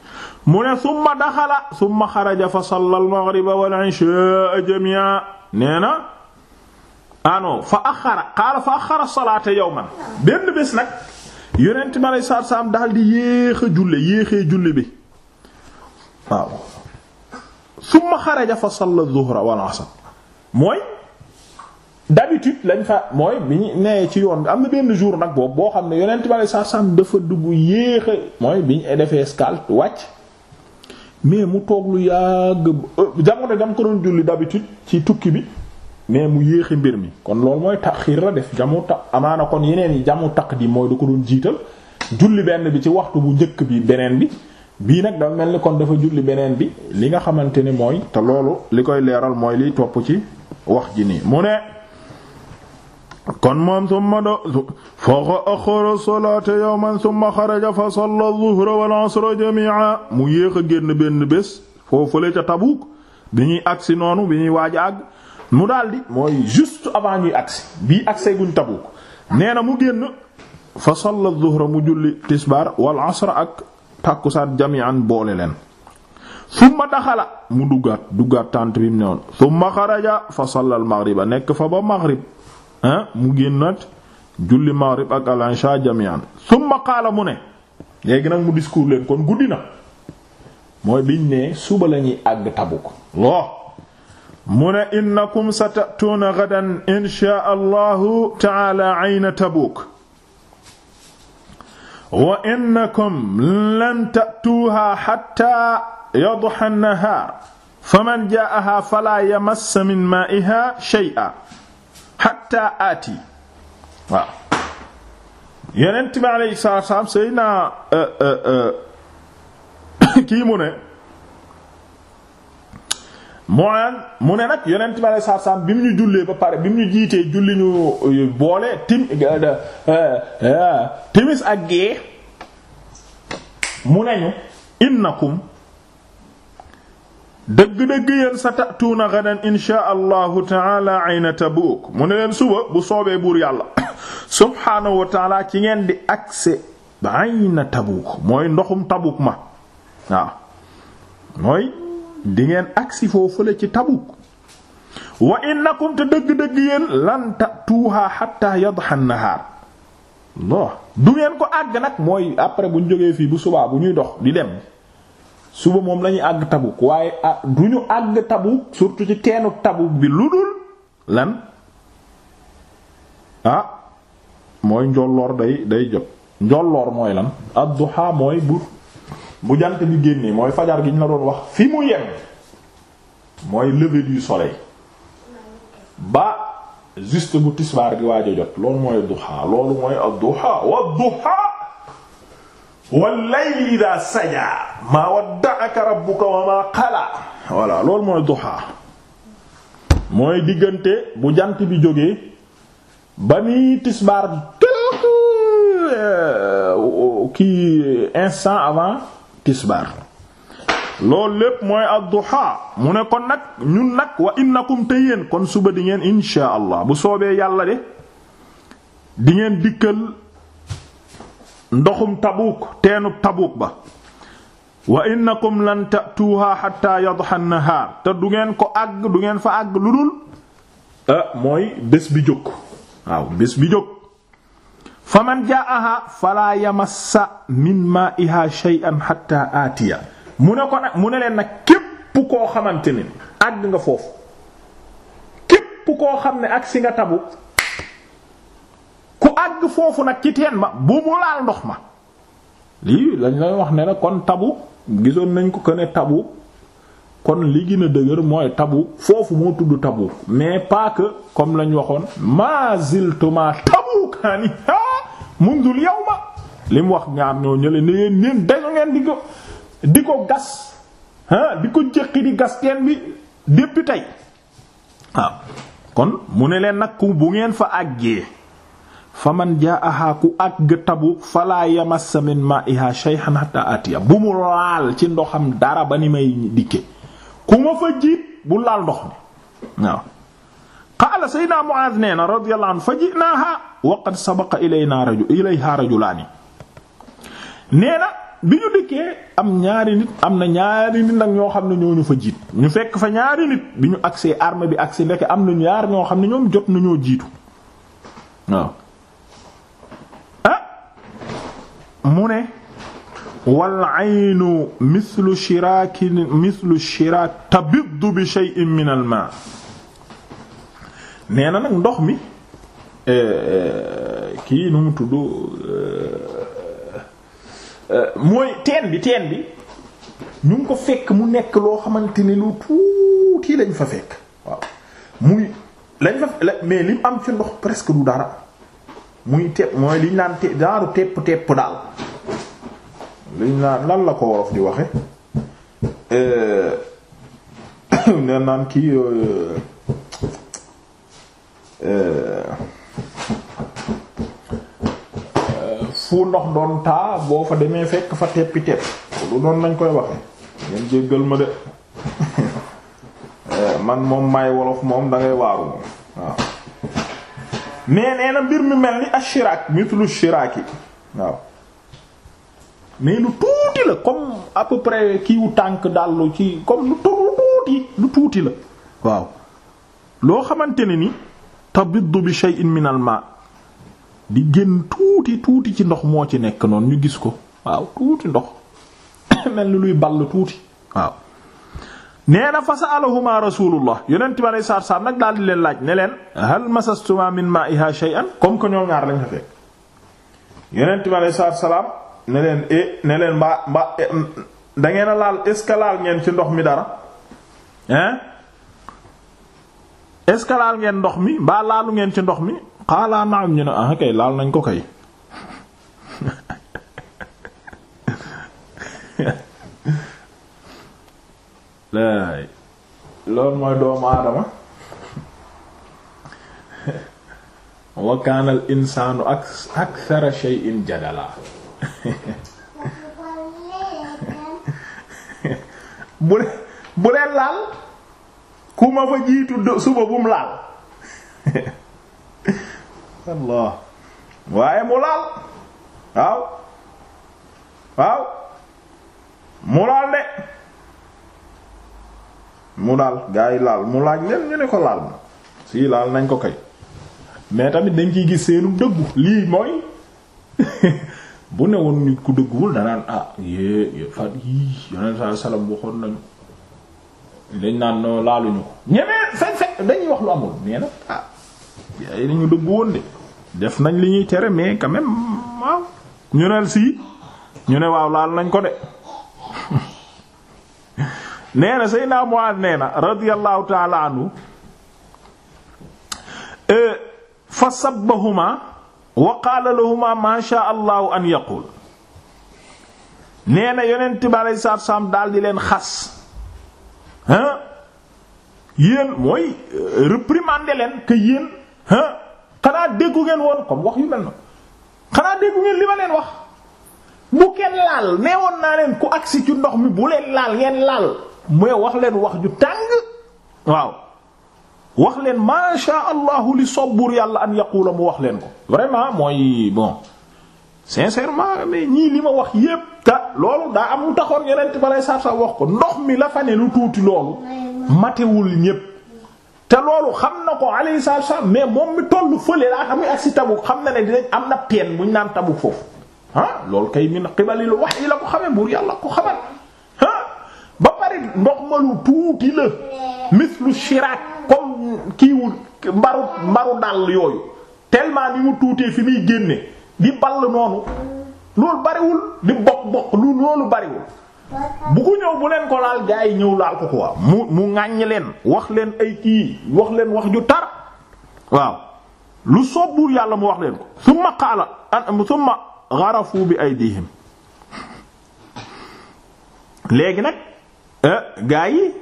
mu ne summa daxala summa xaraja fa salla al maghriba wal ishaa jamii'an nee ano ah, fa axara qaala fa axara salaata yawman benn bés nag yonent bi aleyhi salaatu daal di yéex a julle yéexee julli bi waaw summa xaraja fa la zuhra wal asr mooy d'habitude lañ fa mooy bi ñu nee ci yoon bi am na benn jour nag boobu boo xam ne yonent bi aleyhi salaatu salaam dafa dugg yéex a mooy bi ñu defee escale wàcc mais mu toog lu yàgg euh, jamono dam ko doon julli d'habitude ci tukki bi. mais mu yéexi mbir mi kon loolu mooy taxiir la def jamu ta amaana kon yeneen yi jamu taqdim mooy da ko doon jiital julli benn bi ci waxtu bu njëkk bi beneen bi bii nag dafa mel ni kon dafa julli beneen bi li nga xamante ni mooy te loolu li koy leeral mooy liy topp ci wax ji nii mu ne kon moom summa do fooqa axara solata yawman summa xaraja fa salla zuhra wal asra jami'a mu yéex a génn benn bés foofu fële ca Tabuk bi ñuy agsi noonu bi ñuy mu daldi mooy juste avant ñuy agsi bii agsee guñ Tabuk nee mu génn fa salla zuhra mu julli tisbaar wal asra ak tàkkusaan jami'an boole leen summa daxala mu duggaat duggaat tànt bi mu newoon summa fa salla maghriba nekk fa ba maghrib mu génnaat julli maghrib ak al isha jami'an summa qaala mu ne léegi nag mu discours leen kon guddi na mooy biñ ne suba lañuy àgg Tabuk lo mu ne innakum satatuuna gadan inshaa allahu taala ayna tabuuk wa innakum lan tatuuhaa xatta yadxa nnahaar faman jaa'ahaa falaa yamassa min maa'ihaa shay'an xatta aati waaw yonent bi alayhi salaatu wa salaam sayyidinaa eh, eh, eh, kii mu ne mooyaan mu ne nag yonent bi alayhi salaatu salaam bi mu ñu jullee ba pare bi mu ñu jiitee julli ñu euh, boole tim euh, euh, timis ak gée mu nañu innakum dëgg-dëgg yéen sa tatuuna gadan inshaa allahu taala ayna Tabuuk mu ne leen suba bu soobee buur yàlla subhaanahu wa taala ci ngeen di accès ba ayna Tabuuk mooy ndoxum Tabuuk ma waaw mooy di ngeen agsi foofu la ci Tabuk wa innakum te dëgg-dëgg yéen lan tatuuha hatta yadha an du ngeen ko àgg nag mooy après bu ñu jógee fii bu subaa bu ñuy dox di dem suba moom lañuy àgg Tabuk waaye ah du ñu àgg Tabuk surtout ci teenu Tabuk bi lu dul lan a ah, mooy njolloor day day jot njolloor mooy lan ad-duha mooy bu bu jant bi génnee mooy fajar gi ñu la doon wax fi mu yem mooy lever du soleil ba juste bu tisbaar bi waaj a jot loolu mooy duha loolu mooy ad wa duha wal loolu mooy duha mooy diggante bu jant bi jógee ba ni tisbaar euh, kii instant avant tisbaar lépp mooy ad-duha mu ne kon nag ñun nag wa innakum te yéen kon suba dingeen ngeen bu soobee yàlla de di dikkal ndoxum tabuuk teenub tabuuk ba wa innakum lan ta'tuha hatta yadha an-nahar te du ngeen ko àgg du fa àgg lu dul ah mooy bés bi jóg waaw bés bi jóg fa man jaaha falaa yamassa min ma iha shay'an hatta atiya mu ne ko nag mu ne leen nag képp koo xamante ne àgg nga foofu képp koo xam ne ak si nga tabu ku àgg foofu nag ci teen ba bu mu laal ndox ma lii lañ lay wax ne la kon tabu gisoon nañ ko ko ne tabu kon li gën a dëgër mooy tabu foofu moo tudd tabu mais pas que comme lañ waxoon maziltuma tabukaani mundul yawma li mu wax ñaar ñoo ñële ne yéen dañu ngeen di ko di ko gas ah di ko jëqi di gas teen bi depuis tey waaw ah, kon mu ne leen nag ku bu ngeen fa àggee fa man jaaha ku àgg tabu fala yamassa min ma'iha shay'an hatta atiya bu mu laal ci ndoxam dara ba ni may dikke ku ma fa jiit bu laal ndox mi waaw qaala sayyidina Mu'aaz nee na radiyallahu anhu fa ji'naahaa wa qad sabaqa ilaynaa rajul ilayhaa rajulaani nee na bi ñu dikkee am ñaari nit am na ñaari nit nag ñoo xam ne ñooñu fa jiit ñu fekk fa ñaari nit bi ñu agsee arme bi agsi ndeke am na ñaar ñoo xam ne ñoom jot nañoo jiitu waaw ah mu ne wal aynu mislu shiraaki mislu shiraak tabiddu bi shay'in min al ma nee na nag ndox mi eh, eh, kii nu mu tudd eh, mooy teen bi teen bi ñu ngi ko fekk mu nekk loo xamante ni lu tuuti lañ fa fekk waaw muy lañ fa mais lim am ci ndox presque du dara muy tepp mooy liñ naan te daaru tepp tepp daal liñ naan lan la ko wolof di waxe euh, ne naan kii euh, euh, fu ndox doon taa boo fa demee fekk fa teppi tepp lu noonu lañ koy waxe ngeen jéggal ma de man moom may wolof moom dangay waaru moom waaw mais nee na mbir mi mel ni ashiraak mitlu shiraaki waaw mais lu tuuti la comme à peu près kiiwu tànk dallu ci comme lu tuuti lu tuuti la waaw loo xamante ne ni tabiddu bi shay'in min al ma di génn tuuti tuuti ci ndox moo ci nekk noonu ñu gis ko waaw tuuti ndox mel ni luy ball tuuti waaw nee na fa sa'alahuma rasulullah yonent bi alei satu salaam nag daal di leen laaj ne leen hal masastuma min ma'iha shay'an fekk E, ne leen mbaa mbaa e, da ngeen a laal est-ce laal ngeen ci ndox mi dara hein est-ce que laal ngeen ndox mi mbaa laalu ngeen ci ndox mi xaalaa na am ñu ne ah kay laal nañ ko kay laay loolu mooy doomu aadama wa kaana al insaanu akthara shay'in jadala bu leen bu leen laal ku ma fa jiitu suba bum laal waaye mu laal waaw waaw mu laal de mu laal gaa yi laal mu laaj leen ñu ne ko laal ma si laal nañ ko kay mais tamit dañ ciy gis seenu dëggu lii mooy bu ne woon nit ku dëgguwul danaan ah yé fa yii yoneen saa salaam waxoon nañu dañ naan no laaluñu ko ñemee fen fen dañuy wax lu amul nee na ah ay dañu dëggu woon de def nañ li ñuy tere mais quand même ñu neel ñu ne waaw laal nañ ko de nee na Seydina Muaad nee na radiyallahu taala anhu eh, fa sabbahuma wa qaala lahuma ma sha allahu an yaqul nee na yonent bi aleyhi salaatu salaam daal di leen xas hein yéen mooy euh, réprimander leen que yéen hein xanaa déggu ngeen woon comme wax yu mel na xanaa déggu ngeen li ma leen wax bu kenn laal nee naa leen ku agsi ci ndox mi bu leen laal ngeen laal mooy wax leen wax ju tàng waaw wax leen ma sha allahu li soob buur yàlla an yaqula mu wax leen ko vraiment mooy bon sincèrement mais ñii li ma wax yépp te loolu daa am lu taxoon yeneen ba lay saab saab wax ko ndox mi la fa ne lu tuuti loolu matewul ñépp te loolu xam na ko alayhi salaatu salaam mais moom mi tollu fële laa xam ne ak si Tabuk xam na ne dinañ am na peen bu naan Tabuk foofu ah loolu kay min wax wahyi la ko xamee buur yàlla ko xamal ah ba pare ndox ma lu seen kiiwu mbaru mbaru dàll yooyu tellement ni mu tuutee fi muy génne di ball noonu loolu bariwul di bokk bokk lu loolu bariwul bu ko ñëw bu leen ko laal gaa yi ñëw laal ko quoi mu mu ŋàññ leen wax leen ay kii wax leen wax ju tar waaw lu soob buur yàlla mu wax leen ko summa qaala summa gharafu bi aydihim léegi nag eh, gaa yi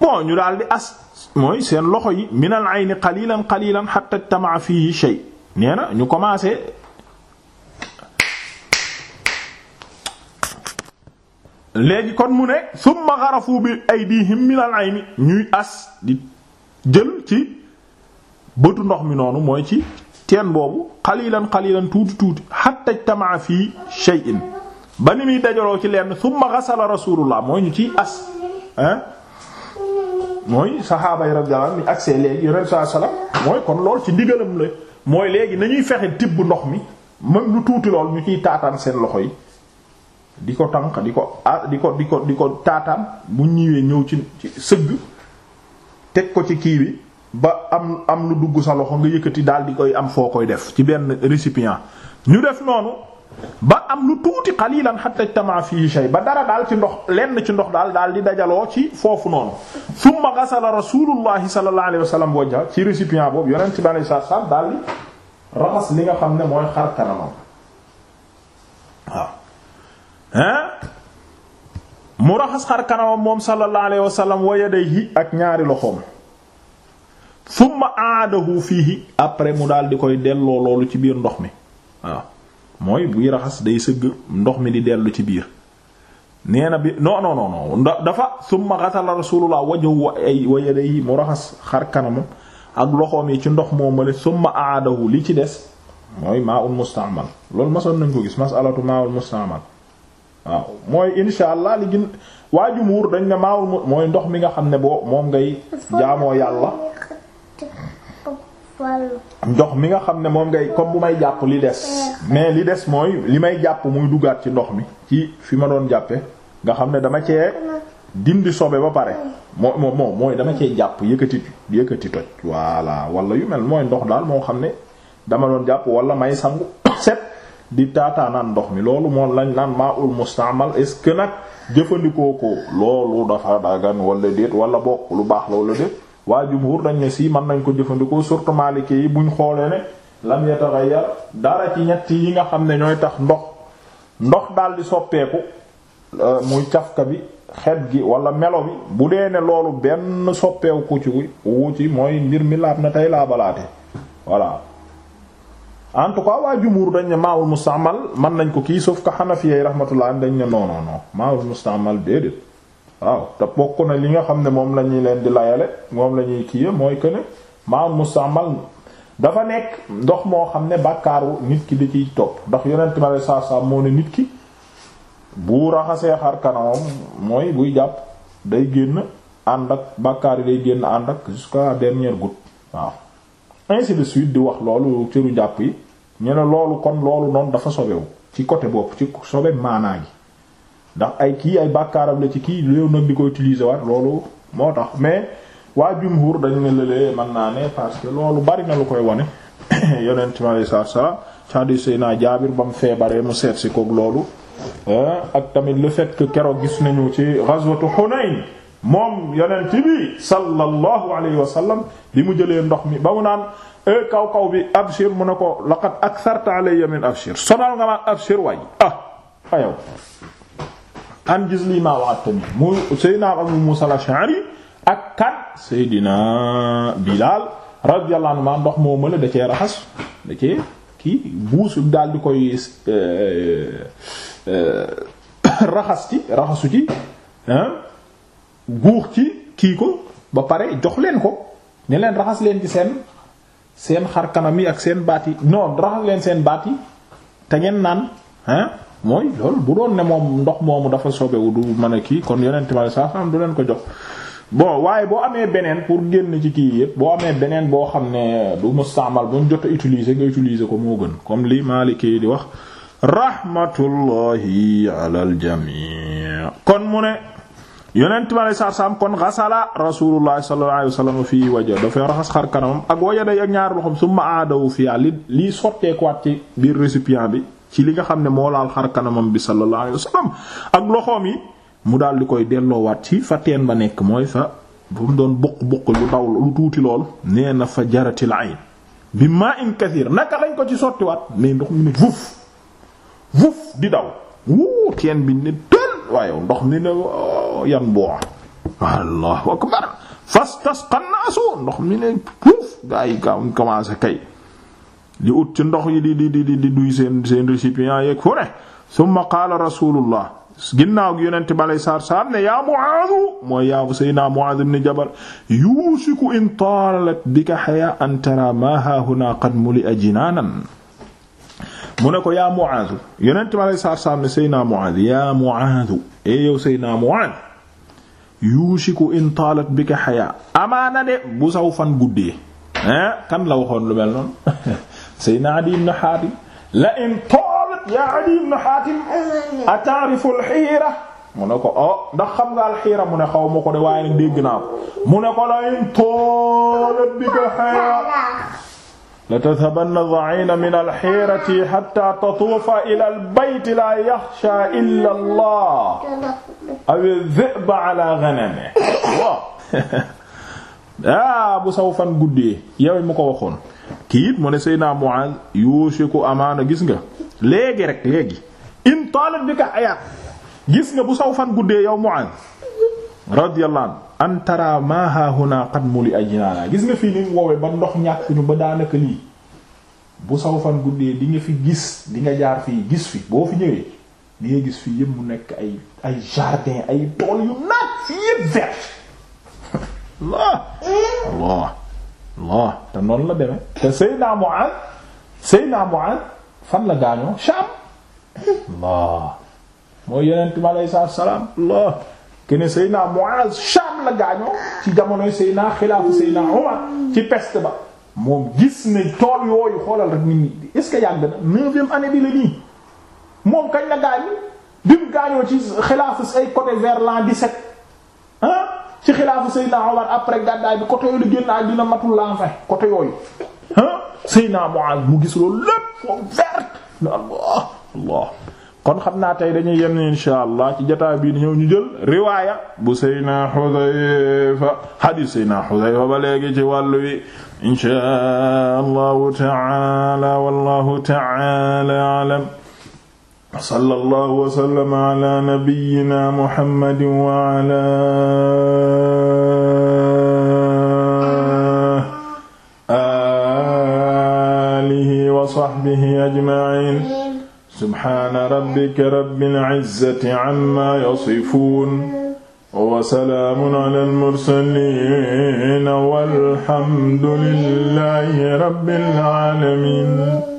bon ñu daal di as mooy seen loxo yi minal ayni qalilan qalilan hatta tamaa fii shay nee na ñu commencé léegi kon mu ne summa xarafu bi aydihim minal ayni ñuy as di jël ci bëtu ndox mi noonu mooy ci teen boobu qalilan qalilan tuuti tuuti hatta tamaa fii shay'in ba ni muy dajaloo ci lenn summa xasala rasulullah mooy ñu ciy as mooy saxaaba yi radiyallahu mi ak see léegi yonent salaam mooy kon lool ci ndigalam la mooy léegi nañuy fexe tibb ndox mi mën lu tuuti lool ñu ciy taataan seen loxo yi di ko tànq di ko ah di ko di ko di ko taataan bu ñëwee ñëw ci ci sëgg teg ko ci kii bi ba am am lu dugg sa loxo nga yëkkati daal di koy am foo koy def ci benn récipient ñu def noonu. ba am lu tuuti xalilan xatta tamaa fii shay ba dara daal ci ndox lenn ci ndox daal daal di dajaloo ci foofu noonu summa gasala rasulullahi sallallahu alayhi wa sallam ci récipient boobu yonent bi alayhi salaatu salaam daal di raxas li nga xam ne mooy xar kanamam waaw hein mu raxas xar kanamam moom sallallahu alayhi wa sallam wa yadayhi ak ñaari loxoom summa aadahu fiihi après mu daal di koy delloo loolu ci biir ndox mi waaw mooy buy raxas day sëgg ndox mi di dellu ci biir nee na bi non non non dafa summa xasala rasulullah wajhu wa yadayhi mu raxas xar kanamam ak loxoom yi ci ndox moomale summa aadahu li ci des mooy maa'ul musta'mal loolu masoon nañ ko gis mas'alatu maa'ul musta'mal waaw mooy insha allah li gën waa jumuur dañ ne maa'ul mooy ndox mi nga xam ne boo moom ngay jaamoo yàlla ndox mi nga xam ne moom ngay comme bu may jàpp li des mais li des mooy li may jàpp muy duggaat ci ndox mi ci fi ma doon jàppe nga xam ne dama cee dindi sobe ba pare moo moo mooy dama cee jàpp yëkkati yëkkati toj waala wala yu mel mooy ndox daal moo xam ne dama doon jàpp wala may sangu set di naan ndox mi loolu moo lañ naan maa ul mustaamal est-ce que nag jëfandikoo ko loolu dafa dagan wala déet wala bokk lu baax la wala déet waa jumhur dañ ne si mën nañ ko jëfandikoo surtout maliki yi buñ xoolee ne lam yataghayyar dara ci ñett yi nga xam ne ñooy tax ndox ndox daal di soppeeku euh, muy cafka bi xet gi wala melo bi bu dee ne loolu benn soppeeku ku ci wu mooy mbir mi laab na tey laabalaate voilà en tout cas waa jumhur dañ ne maawul mustaamal mën nañ ko kii sauf que xanafi yi rahmatullah dañ ne non non maawul mustaamal déedéet. waaw te bokk na li nga xam ne moom la ñuy leen di layale moom la kii kiiyee mooy que ne maam mustamal dafa nekk ndox moo xam ne bàkkaaru nit ki di ciy topp ndax yonent ma la saa moo ne nit ki bu raxasee xar kanamam mooy buy jàpp day génn ànd ak bàkkaar yi day génn ànd ak jusqu'à dernière goutte waaw ainsi de suite di wax loolu cëru jàpp yi ñu ne loolu kon loolu noonu dafa sobewu ci côté bopp ci sobe maanaa gi ndax ay kii ay bàkkaaram la ci kii léew nag di ko utiliser waat loolu moo tax mais waa jumhur dañ ne lëlee mën naa ne parce que loolu bari na lu koy wone yonent mi alayhi salaatu salaam naa jaabir ba mu feebaree mu seet si kook loolu eh, ak tamit le fait que gis nañu ci ghazwatu Hunayn moom yonent bi sallallahu alayhi wa sallam bi mu jëlee ndox mi ba mu naan eh, kaw kaw bi abshir mu ne ko laqad aktharta alayya min abshir sonal nga ma abshir waay ah ayow an gis lii maa waxatani mu Seydina Abu Musa al-Ash'ari ak kan Seydina Bilaal radiyallahu ndox moo mëne da cee raxas da cee kii buusu daal di koy euh, raxas ci raxasu ci guux ci kii ko ba pare jox leen ko ne leen raxas leen ci seen seen xar kanam yi ak seen baat yi non raxas leen seen baat yi te ngeen naan mooy loolu bu doon ne moom ndox moomu dafa sobewu du man a kii kon yonent ma saa am du leen ko jox bon waaye boo amee beneen pour génn ci kii yëpp boo amee beneen boo xam ne du mustaamal bu ñu jot a utiliser nga utiliser ko moo gën comme li Maliki di wax rahmatullahi alal jamii kon mu ne yonent ma saa saam kon xasala rasulullah sallallahu alayhi wasallam fii waja dafay raxas xar kanamam ak waja day ak ñaari loxoom summa aadawu fii li lii sotteekuwaat ci biir récipient bi ci li nga xam ne moo laal xar kanamam bi sallallahu alayhi wasallam ak loxoom yi mu daal di koy delloowaat ci fa teen ba nekk mooy fa bu mu doon buq buq lu daw lu tuuti lool nee na fa jaratil ayn bi maa in kathir naka lañ ko ci sottiwaat mais ndox mi ne vuf di daw wuu teen bi ne tël waaye ndox mi ne oh, yan boo allahu akbar fastasqa an-naasu ndox mi ne puuf gaa yi gaaw ñu commencé kay di ut ci ndox yi di di di di duy seen seen récipient yeeg fu ne summa qaala rasulullah ginnaaw gi yonente bi alay saar saar ne yaa Muaaz mooy yaa Seydina Muaaz ibn Jabal yuusiku in taalat bika hayaa an tara maa haahunaa qad muli a jinaanan mu ne ko yaa Muaaz yonente bi alay saar saar ne Seydina Muaaz yaa Muaaz ee yow Seydina Muaaz yuusiku in taalat bika hayaa amaana de bu saw fan guddee kan la waxoon lu mel noonu Seydina Adi ibn Hatim la in taalat ya Adi ibn Hatim ata'rifu al-hira mu ne ko oh ndax xam nga alxiira mu ne xaw ma ko de waaye nag dégg naa ko mu ne ko la in taalat bika hira la tadhabanna dha'ina min al-hirati hatta tatufa ila al-bayt la yakhsha illa Allah aw adh-dhi'ba ala ghanamihi ah bu saw fan guddee yow mu ko waxoon kii it mu ne Seydina Muaz yushiku amaana gis nga léegi rek léegi in talat bika ayat gis nga bu saw fan guddee yow Muaz radiyallahu an tara ma ha huna qad muli ajnana gis nga fii ni mu ba ndox ñàkk ñu ba daanaka lii bu saw fan guddee di nga fi gis di nga jaar fi gis fi boo fi ñëwee di nga gis fii yëpp mu nekk ay ay jardin ay tool yu naat yëpp vert Allah Allah te noonu la demee te Seydina Mu'aaz Seydina Mu'aaz fan la gaañoo Sham Allah mooy yenent bi aleyhi salaatu salaam Allah kene Seydina Mu'aaz Sham la gaañoo ci jamonoy Seydina xilaafu Seydina Umar ci peste ba moom gis ne tool yooyu xoolal rek nit ñi est-ce que yàgg na neuvième année bi la nii moom kañ la gaañu bi mu gaañoo ci xilaafu ay côté vers l'an 17 ah ci xilaafu Seydina Omar après gàddaay bi côté yooyu la génn àddina matul l'an vingt côté yooyu ah Seydina Muaz mu gis loolu lépp moom vert Allah Allah kon xam naa tey dañuy yem ni insha allah ci jotaay bii di ñëw ñu jël riwaaya bu Seydina Xudayfa hadiis Seydina Xudayfa ba léegi ci wàllu wi insha allahu taala wallahu taala alam sallallahu wa sallam ala nabiyyina muhammadin wa ala alihi wa sahbihi ajma'in subhana rabbika rabbil izzati amma yasifun wa salaamun alal mursaliin walhamdulillahi rabbil aalamiin